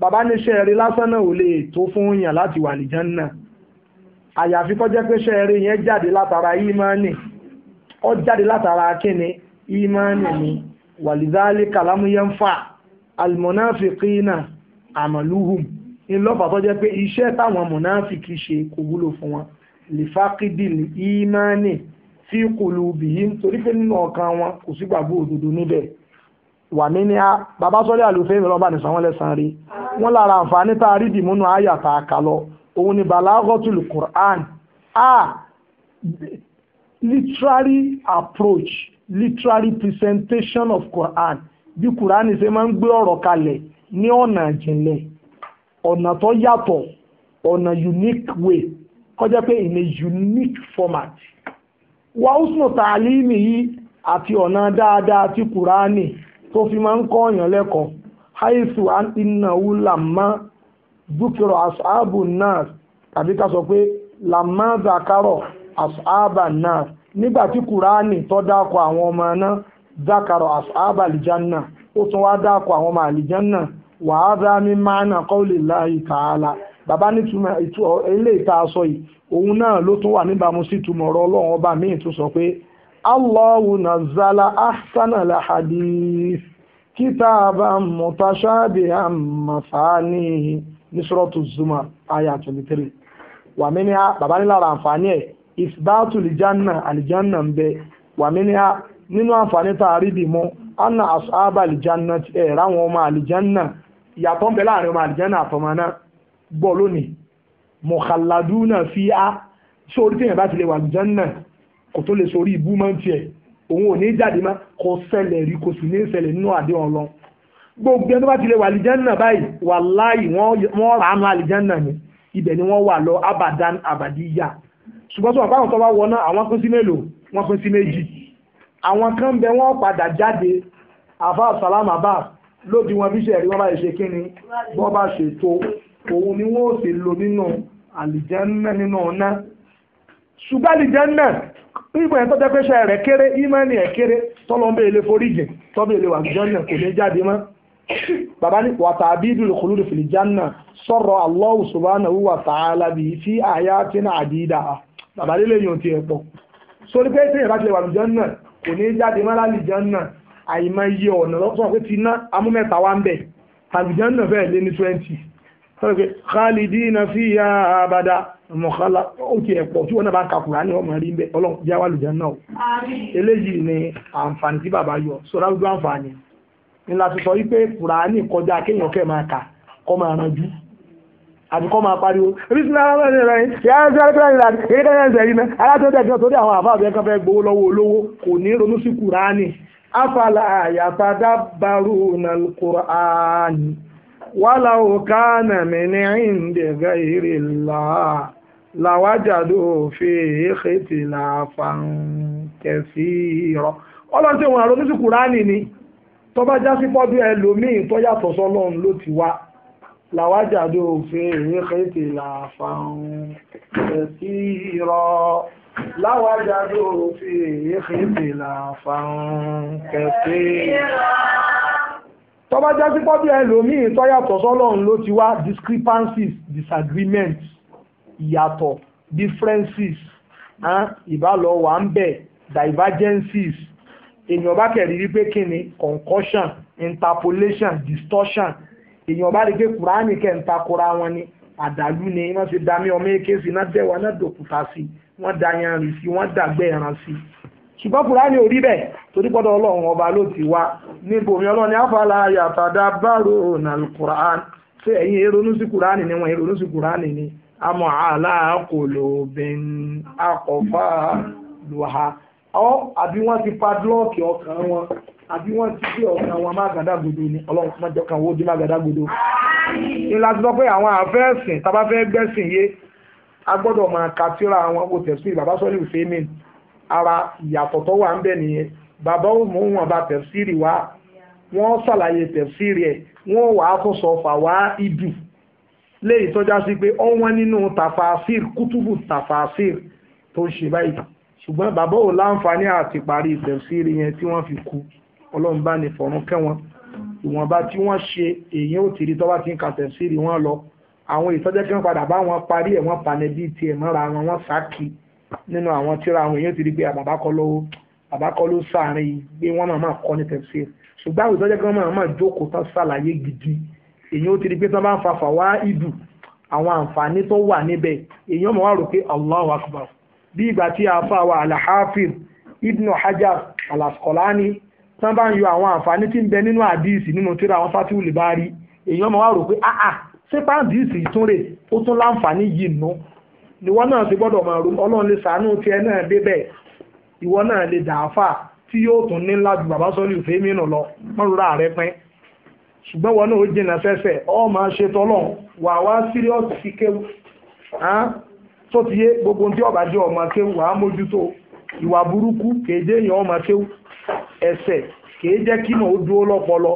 bàbá ní iṣẹ́ rí lásán náà ò lè tó fún yàn láti wà ní Jánnà àyàfi kó jẹ́ pé iṣẹ́ yẹn jáde látara ìmánì ó jáde látara kíni ìmánì ni wàlìdálé kàlámù yẹn fà almunafiqina àmàlúhùn ńlọ́fà tó jẹ́ pé iṣẹ́ táwọn mùnáfìkì ṣe kò wúlò fún wọn lìfákídì ìmánì fi kùlù bìyí torí pé nínú ọkàn wọn kò sí gbàgbọ́ òdodo níbẹ̀ wà mí ní a bàbá sọ́lé àlùfẹ́ ìrọ̀lọ́ bá nìsan wọn lẹ́sàn rí wọn lára àǹfààní tá a rí dì múnú àyà tá a kà lọ òun ni balagotul Quran a literary approach literary presentation of Quran bí Quran ṣe máa ń gbé ọ̀rọ̀ kalẹ̀ ní ọ̀nà ìjìnlẹ̀ ọ̀nà tó yàtọ̀ ọ̀nà unique way kọjá pé in a unique format wa usnu tàlímì yìí àti ọ̀nà dáadáa ti kùránì tó fi máa ń kọ́ ọ̀yàn lẹ́kọ̀ọ́ haisu antinnahu lamma dúkìrò asáàbù náà tàbí ká sọ pé lamma zakarọ̀ asáàbà náà nígbà tí kùránì tó dákọ̀ àwọn ọmọ náà zakarọ̀ asáàbà àlìjánà ó tún wá dákọ̀ àwọn ọmọ àlìjánà wàhálà mi máa nà kọ́ọ̀lì láàyè tààlà bàbá nítumọ̀ ilé ìta aṣọ yìí òun náà ló tún wà níbàámu sí ìtumọ̀ ọ̀rọ̀ ọlọ́run ọba míì tún sọ pé Allahu nazala ahsana lahadith hadith mutashabihan masani ní suratu zuma aya twenty three wàmí ni bàbá ní lára àǹfààní ẹ̀ ìsbáàtù lìjánà ń bẹ wàmí ni nínú àǹfààní tá a rí bì ìyàtọ̀ ń bẹ láàrin ọmọ àlìjánà àtọmọ náà gbọ́ lónìí mọ̀kàládúnà fi á sórí téèyàn bá ti lè wà àlìjánà kò tó lè sórí ibú mọ́ tiẹ̀ òun ò ní jáde má kò ṣẹlẹ̀ rí kò sì ní ṣẹlẹ̀ nínú àdéhùn ọlọ́run gbogbo ẹni tó bá ti lè wà àlìjánà báyìí wàláì wọ́n rà á nu ni ibẹ̀ ni wọ́n wà lọ abadan abadiya ṣùgbọ́n tó wà fáwọn tó bá wọná àwọn pín sí mélòó wọ́n pín sí salama bá lódi wọn bí sẹ̀rí wọn bá ṣe kí ni wọ́n bá ṣètò òun ni wọ́n ò sì lò nínú àlìjẹ́nà nínú ọ̀nà ṣùgbọ́n àlìjẹ́nà nígbà yẹn tó jẹ́ pé ṣe rẹ̀ kéré ìmánì ẹ̀ kéré tọ́lọ́ ń bẹ̀ lè forí jìn tọ́bẹ̀ lè wà àlìjẹ́nà kò ní jáde mọ́ bàbá ní wàtàbídùl khulud fil janna sọ̀rọ̀ Allahu subhanahu wa ta'ala bihi fi adida bàbá lélẹ́yìn ò tiẹ̀ pọ̀ sórí pé tí ìrìnàjò wà àìmọye ọ̀nà lọ́sọ̀rọ̀ pé ti ná amúmẹ́ta wá ń bẹ̀ tàbíjẹ́ náà fẹ́ lé ní twenty khalidina fiya abada mọ̀kálá ó ti ẹ̀pọ̀ tí wọ́n náà bá ń kakùrá ní ọmọ rí ń bẹ́ ọlọ́run jẹ́ wà lùjẹ́ náà eléyìí ni àǹfààní tí bàbá yọ sọ́ra gbogbo àǹfààní ni láti sọ wípé kùránì kọjá kéèyàn kẹ́ máa kà kọ́ máa ranjú àti kọ́ máa pariwo ebi sinmi ara wọn ṣẹlẹ̀ yàrá ń sẹ́yìn kíláàsì láti èyí kan yẹn ń sẹ́yìn náà alátẹ́tẹ́ kan tó dé àwọn àfáàbẹ̀ kan fẹ́ gbowó lọ́wọ́ olówó kò ní ronú sí kùránì afala yatadabbaruna al-Qur'an walau kana min indi ghayri Allah làwájàdó fi èkìtì làfàǹkẹ̀fìrọ̀ ọlọ́run tí wọn àrò nísì kùránì ni tó bá já sí pọ́dún ẹlòmíì tó yàtọ̀ sọ́lọ́run ló ti wá làwájàdó fi èkìtì làfàǹkẹ̀fìrọ̀ láwájádó fi èéfèèfè làǹfààrùn kẹfẹ́ tó bá jẹ́ sípọ́ bí ẹlòmíì tó yàtọ̀ sọ́lọ́run ló ti wá discrepancies disagreements ìyàtọ̀ differences ìbálò wà ń bẹ̀ divergences èèyàn bá kẹ̀rí wípé kí ni concussion interpolation distortion èèyàn bá rí pé kùránì kẹ́ ń takora wọn ni àdàlú ni wọ́n ti da mí ọmọ èké sí iná dẹ̀wà náà dòkúta sí wọ́n da yanrìn sí wọ́n dàgbẹ́ ẹran sí ṣùgbọ́n kùránì ò rí bẹ́ẹ̀ torí gbọ́dọ̀ ọlọ́run ọba ló ti wá níbo mi ọlọ́run àfàlà yàtàdá bárò nàlùkùránì ṣé ẹ̀yin èrònú sí kùránì ni wọ́n èrònú sí kùránì ni àmọ́ aláàkòlóbìn akọ̀fà lùhà ọ́ àbí wọ́n ti padlọ́ọ̀kì ọkàn wọn àbí wọ́n ti gbé ọ̀kan wọn máa gàdá ni ọlọ́run máa jọ kan wo di máa gàdá gbòdo. ní láti sọ pé àwọn àfẹ́sìn tá a bá fẹ́ gbẹ́sìn yé a gbọ́dọ̀ máa ka tíra àwọn kò tẹ̀sí bàbá sọ́lé ìfẹ́mi ara ìyàtọ̀ tó wà ń bẹ̀ nìyẹn bàbá ò mú wọn bá tẹ̀sírì wá wọ́n ṣàlàyé tẹ̀sírì ẹ̀ wọ́n wàá tó sọ fà wá ìdù léyìí tó já sí pé ọ̀wọ́n nínú tàfàṣìr kútùbù tàfàṣìr tó ń ṣe báyìí ṣùgbọ́n bàbá ò láǹfààní àti parí tẹ̀sírì yẹn tí wọ́n fi kú ọlọ́run bá ní fọ̀run kẹ́wọn ìwọ̀nba tí wọ́n ṣe èyí ò ti rí tọ́wá tí ń kàtẹ̀ sí rí wọ́n lọ àwọn ìtọ́jẹ́ kí wọ́n padà bá wọn parí ẹ̀ wọ́n panẹ́ bíi tiẹ̀ mọ́ra wọn wọ́n sáàkì nínú àwọn tíra àwọn èyí ò ti pé bàbá sáàrin gbé wọ́n máa kọ́ ní tẹ̀sí ṣùgbọ́n àwọn ìtọ́jẹ́ kí wọ́n máa jókòó tán ṣàlàyé gidi èyí ò ti pé tán bá ń fa fàwa ìdù àwọn àǹfààní tó wà níbẹ̀ èyí ọmọ wa rò pé Allahu Akbar bí ìgbà tí a fa wa alahafir ibnu hajar alaskolani tán bá ń yọ àwọn àǹfààní tí ń bẹ nínú àdíìsì nínú tíra àwọn fátíwù lè bá rí èèyàn máa wá rò pé áà ah, ah, ṣé pàǹdíìsì tún rè ó tún láǹfààní yìí nù ìwọ náà ti gbọ́dọ̀ máa ro ọlọ́run lè sàánú tiẹ̀ náà débẹ̀ ìwọ náà lè dàáfà tí yóò tún ní ńlá ju bàbá sọ́ọ́lì ìfẹ́ mìíràn lọ mọ́rùrà rẹ pẹ́ ṣùgbọ́n wọn náà ó jìnà sẹ́sẹ̀ ọ máa ṣe tọ́lọ̀ wà wá sírìọ́sì sí kéwù tó ti yé gbogbo tí ọ̀bàjẹ́ ọmọ kéwù wà á mójútó ìwà burúkú kéde èèyàn ọmọ kéwù ẹsẹ̀ kìí jẹ́ kí mọ̀ ó dúró lọ́pọlọ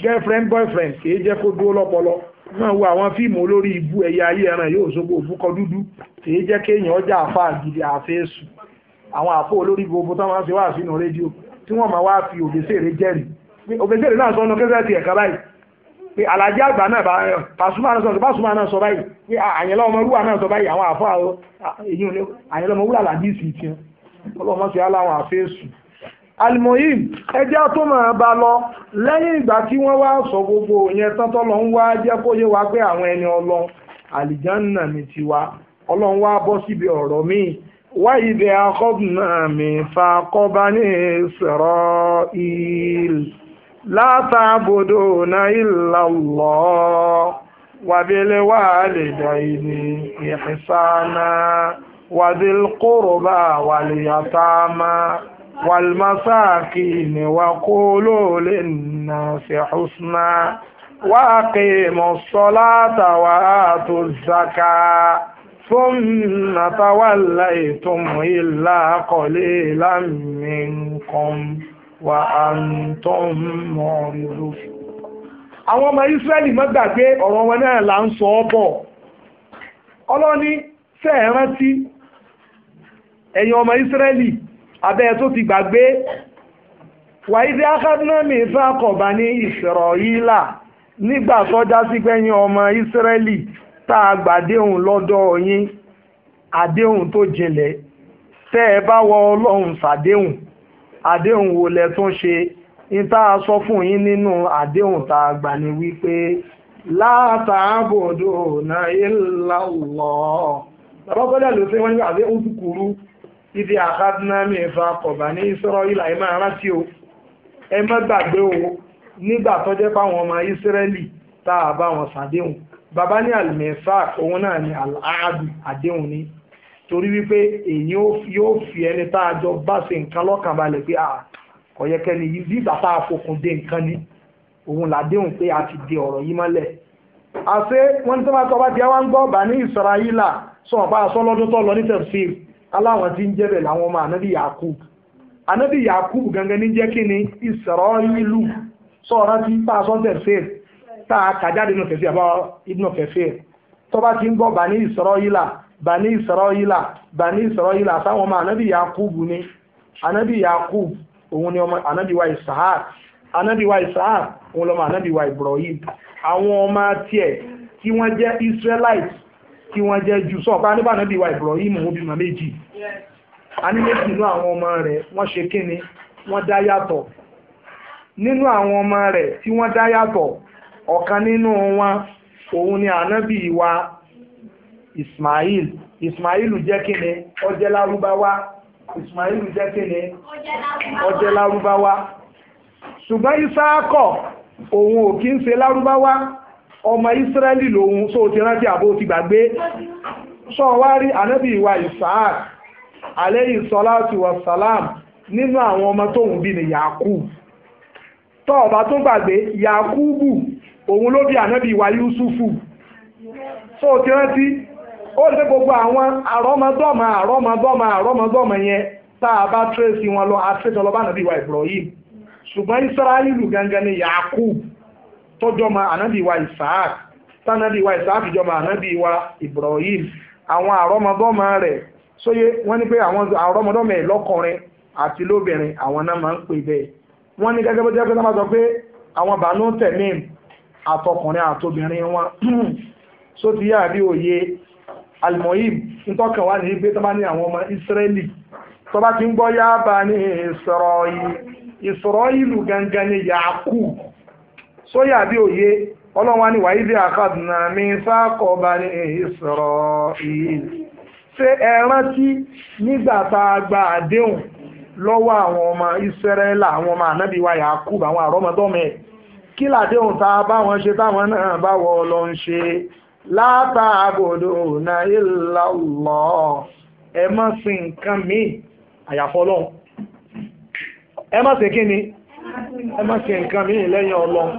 girlfriend boyfriend kìí jẹ́ kó dúró lọ́pọlọ náà wo àwọn fíìmù olórí ibú ẹ̀yà ayé ẹran yóò sógbó òfúkọ dúdú kìí jẹ́ kéèyàn ọjà àfa gidi àfẹ́sù àwọn àfọ olórí gbogbo tó máa ń ṣe wá sínú rédíò tí wọ́n máa wá fi òbésèrè jẹ́rìí òbésèrè náà sọ ọ́nà kẹ́sẹ́ ti ẹ̀ka báyìí pé àlàjì àgbà náà bá eh, pàṣùmá náà sọ pàṣùmá náà sọ báyìí pé àyẹ̀lọ́ ọmọ rúwà náà sọ báyìí àwọn àfọ ah, àyẹ̀lọ́ ọmọ rúwà làdí ìsìn tiẹ̀ ọlọ́mọ sí aláwọn àfẹ́sù almohim ẹjẹ́ tó máa bá lọ lẹ́yìn ìgbà tí wọ́n wá sọ gbogbo yẹn tán tọ́lọ ń wá jẹ́ kó yé wa pé àwọn ẹni ọlọ́run àlìjánà ní tiwa ọlọ́run wá bọ́ síbi ọ̀rọ̀ míì wáyé ibẹ̀ akọ́bùnà mi fa kọ́ba ní Israel látàbòdò náà ìlàlọ́ wàbílẹ̀ wà lè dà ìní ìhìsánà wàdí kúrò bá wà lè والمساكين وقولوا للناس حسنا وأقيموا الصلاة وآتوا الزكاة ثم توليتم إلا قليلا منكم وأنتم معرضون àwọn ọmọ Ísírẹ́lì má gbàgbé ọ̀rọ̀ wọn náà là ń sọ ọ́ ọlọ́ni ṣe rántí ẹ̀yin ọmọ Ísírẹ́lì abẹ́ tó ti gbàgbé wàídí akadúnámì sákọ̀bá ní ìsírọ̀yílà nígbà tó já sí pẹ́yìn ọmọ ìsírẹ́lì tá a gbàdéhùn lọ́dọ̀ yín àdéhùn tó jinlẹ̀ tẹ́ ẹ bá wọ ọlọ́run sàdéhùn àdéhùn wo lẹ tún ṣe ní tá a sọ fún yín nínú àdéhùn tá a gbà ní wípé látàbòdò náà ìlà bàbá bọ́dà ló fẹ́ wọ́n ní àdéhùn kúkúrú ibi àkádínàmì ẹ̀fà kọ̀bà ní Ísírẹ́lì ẹ máa rántí o ẹ má gbàgbé o nígbà tó jẹ́ fáwọn ọmọ Ísírẹ́lì tá a bá wọn ṣàdéhùn bàbá ní àlùmẹ́fà òun náà ní àádù àdéhùn ni torí wípé èyí yóò fi ẹni tá a jọ bá ṣe nǹkan lọ́kàn balẹ̀ pé a kò yẹ kẹ́ni yìí bí bàtà àfokùn dé nǹkan ni òun làdéhùn pé a ti de ọ̀rọ̀ yìí mọ́lẹ̀ àṣé wọ́n tó máa tọ́ bá ti ẹ ń gbọ́ bà ní Ísírẹ́lì sọ̀rọ̀ bá sọ aláwọn tí ń jẹ́ bẹ̀ làwọn ọmọ ànábì yakub ànábì yakub gangan ní jẹ́ kí ni isra'ilu sọ̀rọ̀ tí bá a sọ́tẹ̀ fẹ́ tá a kà jáde nù kẹfẹ́ àbá ibnu kẹfẹ́ tó bá ti ń gbọ́ bani isra'ila bani isra'ila bani isra'ila sáwọn ọmọ ànábì yakub ni ànábì yakub òun ni ọmọ ànábì wa isahak ànábì wa isahak òun lọmọ ànábì wa ibrahim àwọn ọmọ tiẹ̀ tí wọ́n jẹ́ israelites tí wọ́n jẹ́ jù sọ wa Ibrahim ó bímọ méjì a ní méjì nínú àwọn ọmọ rẹ̀ wọ́n ṣe kíni wọ́n dá yàtọ̀ nínú ọmọ rẹ̀ tí wọ́n dá yàtọ̀ ọ̀kan nínú wọn òun ni ànábì wa Ismail Ismail jẹ́ kíni ọjẹ́ lárúbáwá Ismail jẹ́ kíni lárúbáwá ṣùgbọ́n òun ò kí ń ṣe lárúbáwá ọmọ Ísírẹ́lì lòun só ti rántí àbó ti gbàgbé sọ wá rí ànábì ìwà Isaac alayhi salatu wa salam nínú àwọn ọmọ tóun bí ni Yakub tó ọba tó gbàgbé Yakubu òun ló bí ànábì ìwà Yusufu só ti rántí ó lè gbogbo àwọn àrọ́mọdọ́mọ àrọ́mọdọ́mọ àrọ́mọdọ́mọ yẹn tá a bá tírèsì wọn lọ àtúnṣe lọ bá ìwà Ibrahim ṣùgbọ́n Ísírẹ́lì gangan ni Yakub tọ́jọ́ ma ànábì wa Isaac tánàbí wa Isaac jọmọ ànábì wa Ibrahim àwọn àrọ́mọdọ́mọ rẹ̀ sóyé wọ́n ní pé àwọn àrọ́mọdọ́mọ ẹ̀ lọ́kùnrin àti lóbìnrin àwọn náà máa ń pè bẹ́ẹ̀ wọ́n ní gẹ́gẹ́ bó jẹ́ pé táwọn sọ pé àwọn bàánú tẹ̀mí àtọkùnrin àtobìnrin wọn (clears throat) só ti yá àbí òye almohim ntọ́kàn wá ní pé tó bá ní àwọn ọmọ Israẹli tó bá ti ń gbọ́ yá bá ní Israẹli Israẹli gangan ni Yakub sóyà bí òye ọlọ́wọ́n ní wàyí bí àkàdùnà mi sáàkọ̀ bá ní ìsọ̀rọ̀ yìí ṣé ẹ rántí nígbà tá a gba àdéhùn lọ́wọ́ àwọn ọmọ ìsẹ́rẹ́lá àwọn ọmọ ànábì wa Yakub àwọn àrọ́mọdọ́mọ kí làdéhùn tá a bá wọn ṣe táwọn náà bá wọ lọ ń ṣe látàbòdò na ìlà ẹ má sìn nǹkan míì àyàfọ́ lọ́hùn ẹ má ṣe kí ni ẹ má sìn nǹkan míì lẹ́yìn Ọlọ́hun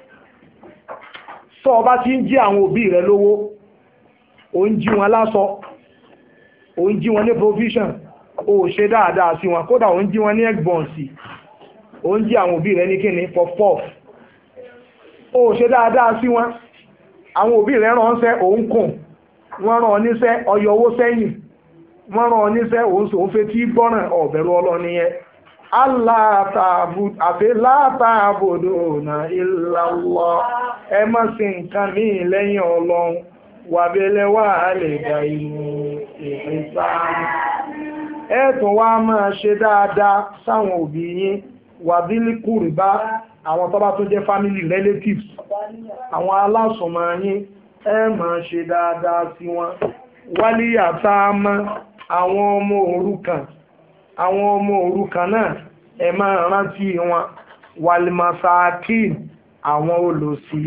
sọ ọba tí ń jí àwọn òbí rẹ lówó o ń jí wọn láṣọ o ń jí wọn ní provision ò ṣe dáadáa sí wọn kódà o ń jí wọn ní ẹgbọnsì o ń jí àwọn òbí rẹ ní kíni o ò ṣe dáadáa sí wọn àwọn òbí rẹ ránṣẹ́ òun kùn wọ́n rán ọ níṣẹ́ ọyọ owó sẹ́yìn wọ́n rán ọ níṣẹ́ òun sòun fetí àfẹ́ látàbòdò ọ̀nà ìlàlọ́ ẹ má sí nǹkan ní lẹ́yìn ọlọ́run wàbẹ̀lẹ̀ wà lè dà inú ìrìnsá ẹ tún wá máa ṣe dáadáa sáwọn òbí yín wàbílì kùrìbá àwọn tó bá tún jẹ́ family relatives àwọn alásùnmọ̀ yín ẹ máa ṣe dáadáa sí wọn wálé àtàmọ́ àwọn ọmọ òrukàn àwọn ọmọ òrukàn náà ẹ máa rántí wọn walimasakin àwọn olòṣì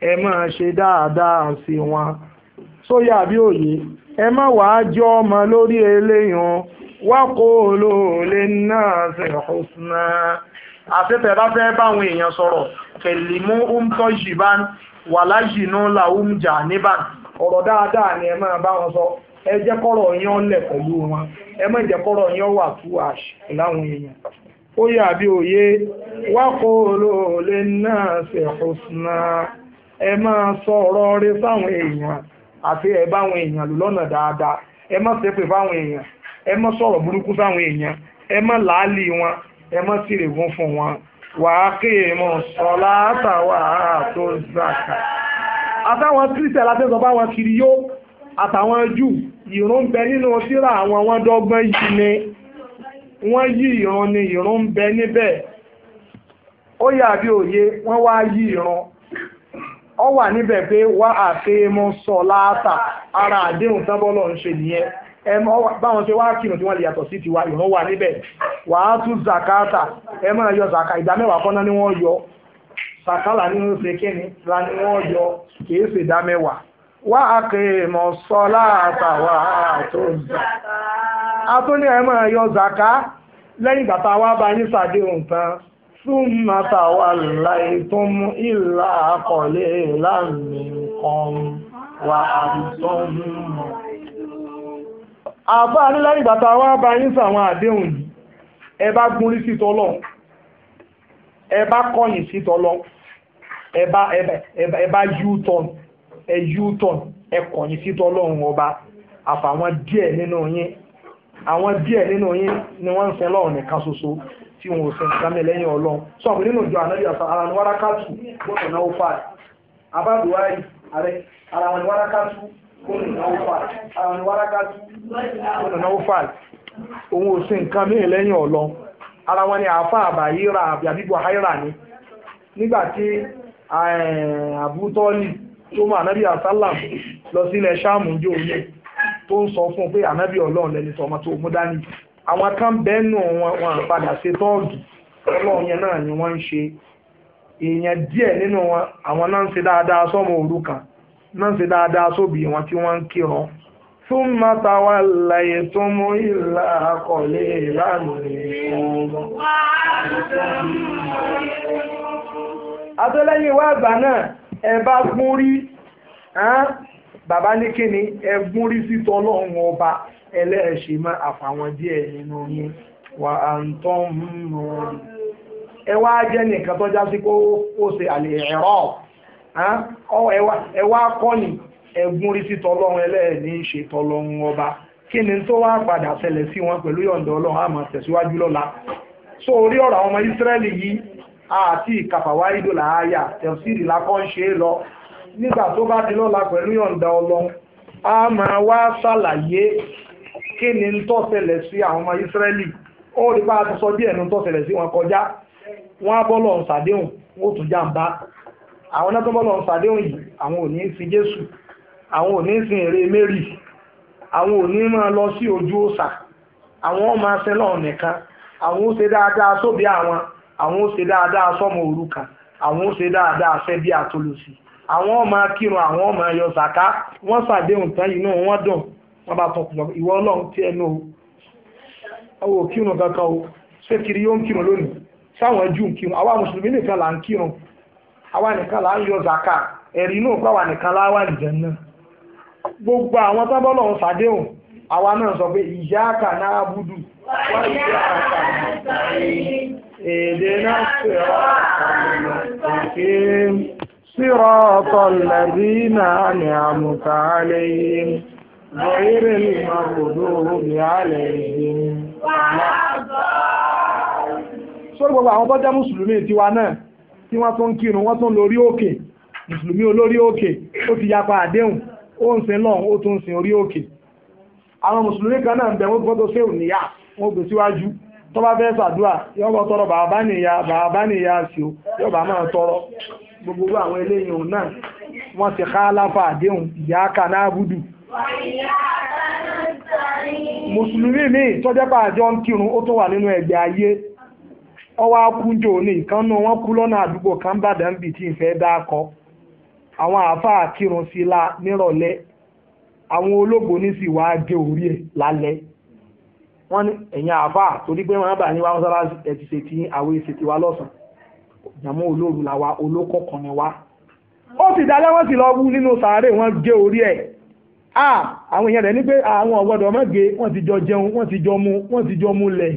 ẹ máa ṣe dáadáa sí wọn sóyà bí òye ẹ má wàá jọ ọmọ lórí eléyàn wákòóló lè náà ṣe husna àtẹ́tẹ̀ bá fẹ́ báwọn èèyàn sọ̀rọ̀ kẹ̀lì mú umtọ́ jìbá wàlájì náà làwùmjà níbà ọ̀rọ̀ dáadáa ni ẹ máa bá wọn sọ ẹ jẹ́ kọ́rọ̀ yán lẹ̀ pẹ̀lú wọn ẹ má jẹ́ kọ́rọ̀ yán wà tú àṣì láwọn èèyàn ó yà bí òye waqulu linnasi husna ẹ máa sọ ọ̀rọ̀ rẹ sáwọn èèyàn àti ẹ báwọn èèyàn lò lọ́nà dáadáa ẹ má ṣépè fáwọn èèyàn ẹ má sọ̀rọ̀ burúkú sáwọn èèyàn ẹ má làálì wọn ẹ má sírègùn fún wọn wàá kéèmọ sọlá àtàwà àtò zaka àtàwọn kírísítà láti sọ kiri yóò àtàwọn jù ìrun ń bẹ nínú síra àwọn wọn dọ́gbọ́n yìí ni wọ́n yí ìrun ni ìrun ń bẹ níbẹ̀ ó yà bí òye wọ́n wá yí ìrun ọ wà níbẹ̀ pé wá àfẹ́mọ́ sọ láàtà ara àdéhùn tábọ́lọ̀ ń ṣe nìyẹn ẹmọ báwọn ṣe wá kírun tí wọ́n lè yàtọ̀ sí tiwa ìrun wà níbẹ̀ wà á tún zakata ẹ máa yọ zaka ìdá mẹ́wàá kọ́ná ni wọ́n yọ sàkálà nínú ṣe kíni la ni wọ́n yọ kìí ṣèdá mẹ́wàá wá àkèémọ̀ sọ́lá àtàwà tó ń zà á tó ní ẹ̀mọ́ ẹ̀yọ zàká lẹ́yìn ìgbà tá a wá bá yín ṣàdéhùn tán súnmọ́ tàwa láì tó mú ìlà àkọlé láàmì kan wà àtúntò mọ̀. àbá ní lẹ́yìn ìgbà wá bá yín ṣàwọn àdéhùn yìí ẹ bá gúnrí sí tọ́lọ̀ ẹ bá kọ̀yìn sí tọ́lọ̀ ẹ bá yú tọ́nù ẹ u-turn ẹ kọ̀yìn sí tọ́lọ́run ọba àfàwọn díẹ̀ nínú yín àwọn díẹ̀ nínú yín ni wọ́n ń sin lọ́run nìkan ṣoṣo tí wọn ò sin ìsámi lẹ́yìn ọlọ́run sọ̀rọ̀ nínú ìjọ ànábì àṣà ara ni wárákàtù gbọ́dọ̀ náwó fà abáduwárí ààrẹ ara wọn ni wárákàtù gbọ́dọ̀ náwó fà ara ni wárákàtù gbọ́dọ̀ náwó fà òun ò sin nǹkan míì lẹ́yìn ọlọ́run ara wọn ni àáfà àbáyíra àbí háírà ni nígbà tí àbútọ́lì eh, tó mú ànábì àsálàm lọ sílẹ̀ ṣáàmù jò ní tó ń sọ fún un pé ànábì ọlọ́run lẹni sọmọ tó mú dání àwọn kan wọn padà ṣe tọ́ọ̀gì ọlọ́run yẹn náà ni wọ́n ń ṣe èèyàn díẹ̀ nínú wọn àwọn náà ń ṣe dáadáa sọ́mọ òrukàn náà ń ṣe dáadáa sóbì wọn tí wọ́n ń kírun tún máa wá láyé tó mú ìlà àkọlé ìlànà ìṣòro. àtọ́lẹ́yìn wá àgbà náà ẹ bá gún rí bàbá ní kíni ẹ gún rí sí tọ́lọ́run ọba ẹlẹ́ẹ̀ṣẹ̀ mọ́ àfàwọn díẹ̀ nínú yín wà á ń tọ́ mọ́ ẹ wá jẹ́ nìkan tó já sí kó ó ṣe àlè ẹ̀rọ ẹ kọ́ ni ẹ gún rí sí tọ́lọ́run ẹlẹ́ẹ̀ní ṣe tọ́lọ́run ọba kí ni tó wá padà ṣẹlẹ̀ sí wọn pẹ̀lú yọ̀ǹda ọlọ́run àmọ́ tẹ̀síwájú lọ́la so orí ọ̀rọ̀ àwọn ọmọ Ísírẹ́lì yìí àti ìkàfàwá ìdòlà àyà tẹ̀síìrì lákọ́ ń ṣe é lọ nígbà tó bá di lọ́la pẹ̀lú yọ̀ǹda ọlọ́run a máa wá ṣàlàyé kí ni ń tó ṣẹlẹ̀ sí àwọn ọmọ ìsírẹ́lì ó rí bá a ti sọ díẹ̀ ní ń tó ṣẹlẹ̀ sí wọn kọjá wọn á bọ́lọ̀ ń sàdéhùn ó tún jàǹbá àwọn náà tó bọ́lọ̀ ń sàdéhùn yìí àwọn ò ní sin Jésù àwọn ò ní sin ère Mary àwọn ò ní máa lọ sí ojú òòṣà àwọn ọmọ asẹ́lọ̀ nìkan àwọn ó ṣe dáadáa sóbi àwọn àwọn ó ṣe dáadáa sọ́mọ òrukàn àwọn ó ṣe dáadáa ṣẹ́ bí àtolòsì àwọn ọmọ akírun àwọn ọmọ ẹyọ sàká wọ́n ṣàdéhùn tán inú wọn dùn wọ́n bá tọkùn lọ ìwọ ọlọ́run tí ẹnu owó kírun kankan o ṣé kiri yóò ń kírun lónìí sáwọn ẹjú ń kírun àwa mùsùlùmí nìkan là ń kírun àwa nìkan là ń yọ sàká ẹ̀rí inú òkú àwa nìkan láwà ìjẹun náà gbogbo àwọn tábọ́lọ̀ ń ṣàdéhùn àwa náà sọ pé ìyá kà náà búdù اهدنا الصراط المستقيم صراط الذين أنعمت عليهم غير المغضوب عليهم sọ́rọ̀ gbogbo àwọn tọ́já mùsùlùmí tiwa náà tí wọ́n tún kírun wọ́n tún lórí òkè mùsùlùmí olórí òkè ó ti yapa àdéhùn ó ń sin lọ́n ó tún sin orí òkè àwọn mùsùlùmí kan náà ń bẹ̀ gbọ́dọ̀ sí wọn gbé síwájú tó bá fẹ́ sàdúrà yọ́bọ̀ tọrọ bàbá nìyà bàbá o yọ́bà máa tọrọ gbogbo àwọn eléyìn òun náà wọ́n ti ká láfà àdéhùn ìyá náà búdù mùsùlùmí mi tọ́jẹ́ ń kírun ó wà nínú ẹgbẹ́ ayé ọwọ́ akúnjò ní ìkan náà wọ́n kú lọ́nà àdúgbò kan bàdàn bì tí dákọ àwọn àáfàá la nírọ̀lẹ́ wọ́n ní ẹ̀yìn àbá torí pé wọ́n bá ní wá mọ́sálásí ẹ̀ ti ṣètì àwọn ìṣètì wa lọ́sàn ìjàmọ́ olóòrù làwa olókọ̀ọ̀kan ni wá. ó sì dalẹ́ wọ́n sì lọ wú nínú sàárè wọ́n gé orí ẹ̀ à àwọn èèyàn rẹ̀ ní pé àwọn ọ̀gbọ́dọ̀ má gé wọ́n ti jọ jẹun wọ́n ti jọ mu wọ́n ti jọ mu lẹ̀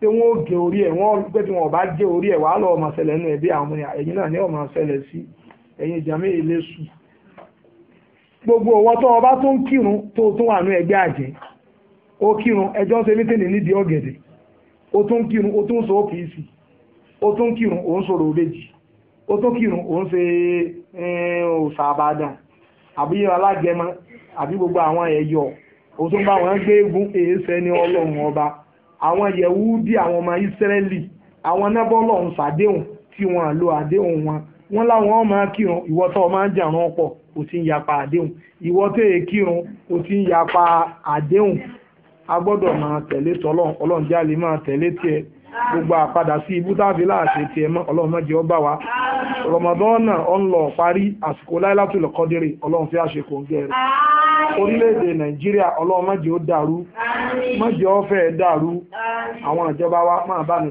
pé wọ́n ó gé orí ẹ̀ wọ́n pé tí wọn ò bá gé orí ẹ̀ wàá lọ ọmọ ṣẹlẹ̀ nù ẹ̀bí àwọn ẹ̀yìn náà ní ọmọ ó kírun ẹjọ́ ṣe mítìnì nídìí ọ̀gẹ̀dẹ̀ ó tún kírun ó tún sọ ọ́fíìsì ó tún kírun ó ń sọ̀rọ̀ òbejì ó tún kírun ó ń ṣe eh, òòṣà àbàdàn àbí alágẹmọ àbí gbogbo àwọn ẹ̀yọ ó tún bá wọn gbé egun èéṣẹ́ ní ọlọ́run ọba àwọn yẹ̀wúdí àwọn ọmọ ìsírẹ́lì àwọn nábọ́lọ̀ ń sàdéhùn tí wọ́n lo àdéhùn wọn wọ́n láwọn ọmọ kírun ìwọ tó ọmọ ń jàrán pọ̀ kò sí ń yapa àdéhùn ìwọ tó èé kírun kò sí ń yapa àdéhùn a gbọ́dọ̀ máa tẹ̀lé tọ́lọ́n ọlọ́run jẹ́ àlè máa tẹ̀lé tiẹ̀ gbogbo àpadà sí ibú táàfin láàṣẹ tiẹ̀ mọ́ ọlọ́run má jẹ́ wa Ramadan náà ó ń lọ parí àsìkò láìláàtúlẹ̀ kọ́dírì ọlọ́run fi àṣekò ń gẹ̀rẹ́. orílẹ̀-èdè nàìjíríà ọlọ́run má jẹ́ ó dàrú má jẹ́ maa fẹ́ dàrú àwọn ìjọba wa máa bá ní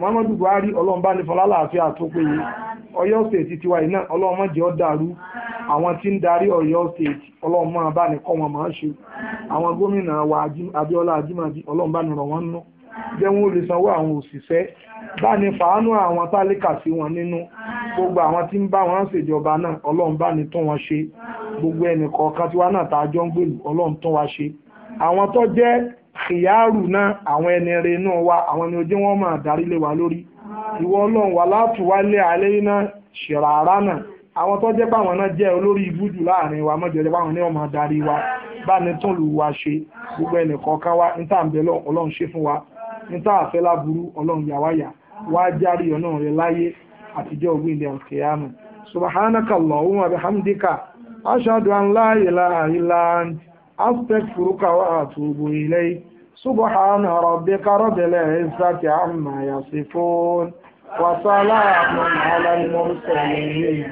muhammadu buhari ọlọ́run ní fọlá tó péye state tiwa yìí náà ọlọ́run jẹ́ ó dàrú àwọn tí ń darí ọ̀yọ́ state ọlọ́run bá ní kọ́ wọn máa ṣe jẹ́ wọn ò lè sanwó àwọn òṣìṣẹ́ bá ní fàánú àwọn tálíkà sí wọn nínú gbogbo àwọn tí ń bá wọn ṣèjọba náà ọlọ́run bá ní tún wọn ṣe gbogbo ẹnì kọ̀ọ̀kan tiwa náà tá a jọ ń gbèlú ọlọ́run tún wa ṣe àwọn tó jẹ́ kìyàrù náà àwọn ẹni rẹ inú wa àwọn ni ojú wọn máa darí lé wa lórí ìwọ ọlọ́run wà látùwálé alẹ́ náà ṣèràrá náà àwọn tó jẹ́ páwọn náà jẹ́ olórí ibùdó láàrin wa mọ́jọ jẹ́ páwọn ní ọmọ adarí wa bá ní tún lù wá ṣe gbogbo ẹnì kọ̀ọ̀kan wa ní tàǹbẹ̀lọ́ ọlọ́run ṣe fún wa níta àfẹ́ láburú ọlọ́run yàwáyà wá járí ọ̀nà rẹ̀ láyé àtijọ́ ògbìn ilẹ̀ alkiyama subhanaka allahumma wa bihamdika an la ilaha illa ant astaghfiruka wa atubu ilayk subhana rabbika rabbil izzati amma yasifun wa salamun ala al mursalin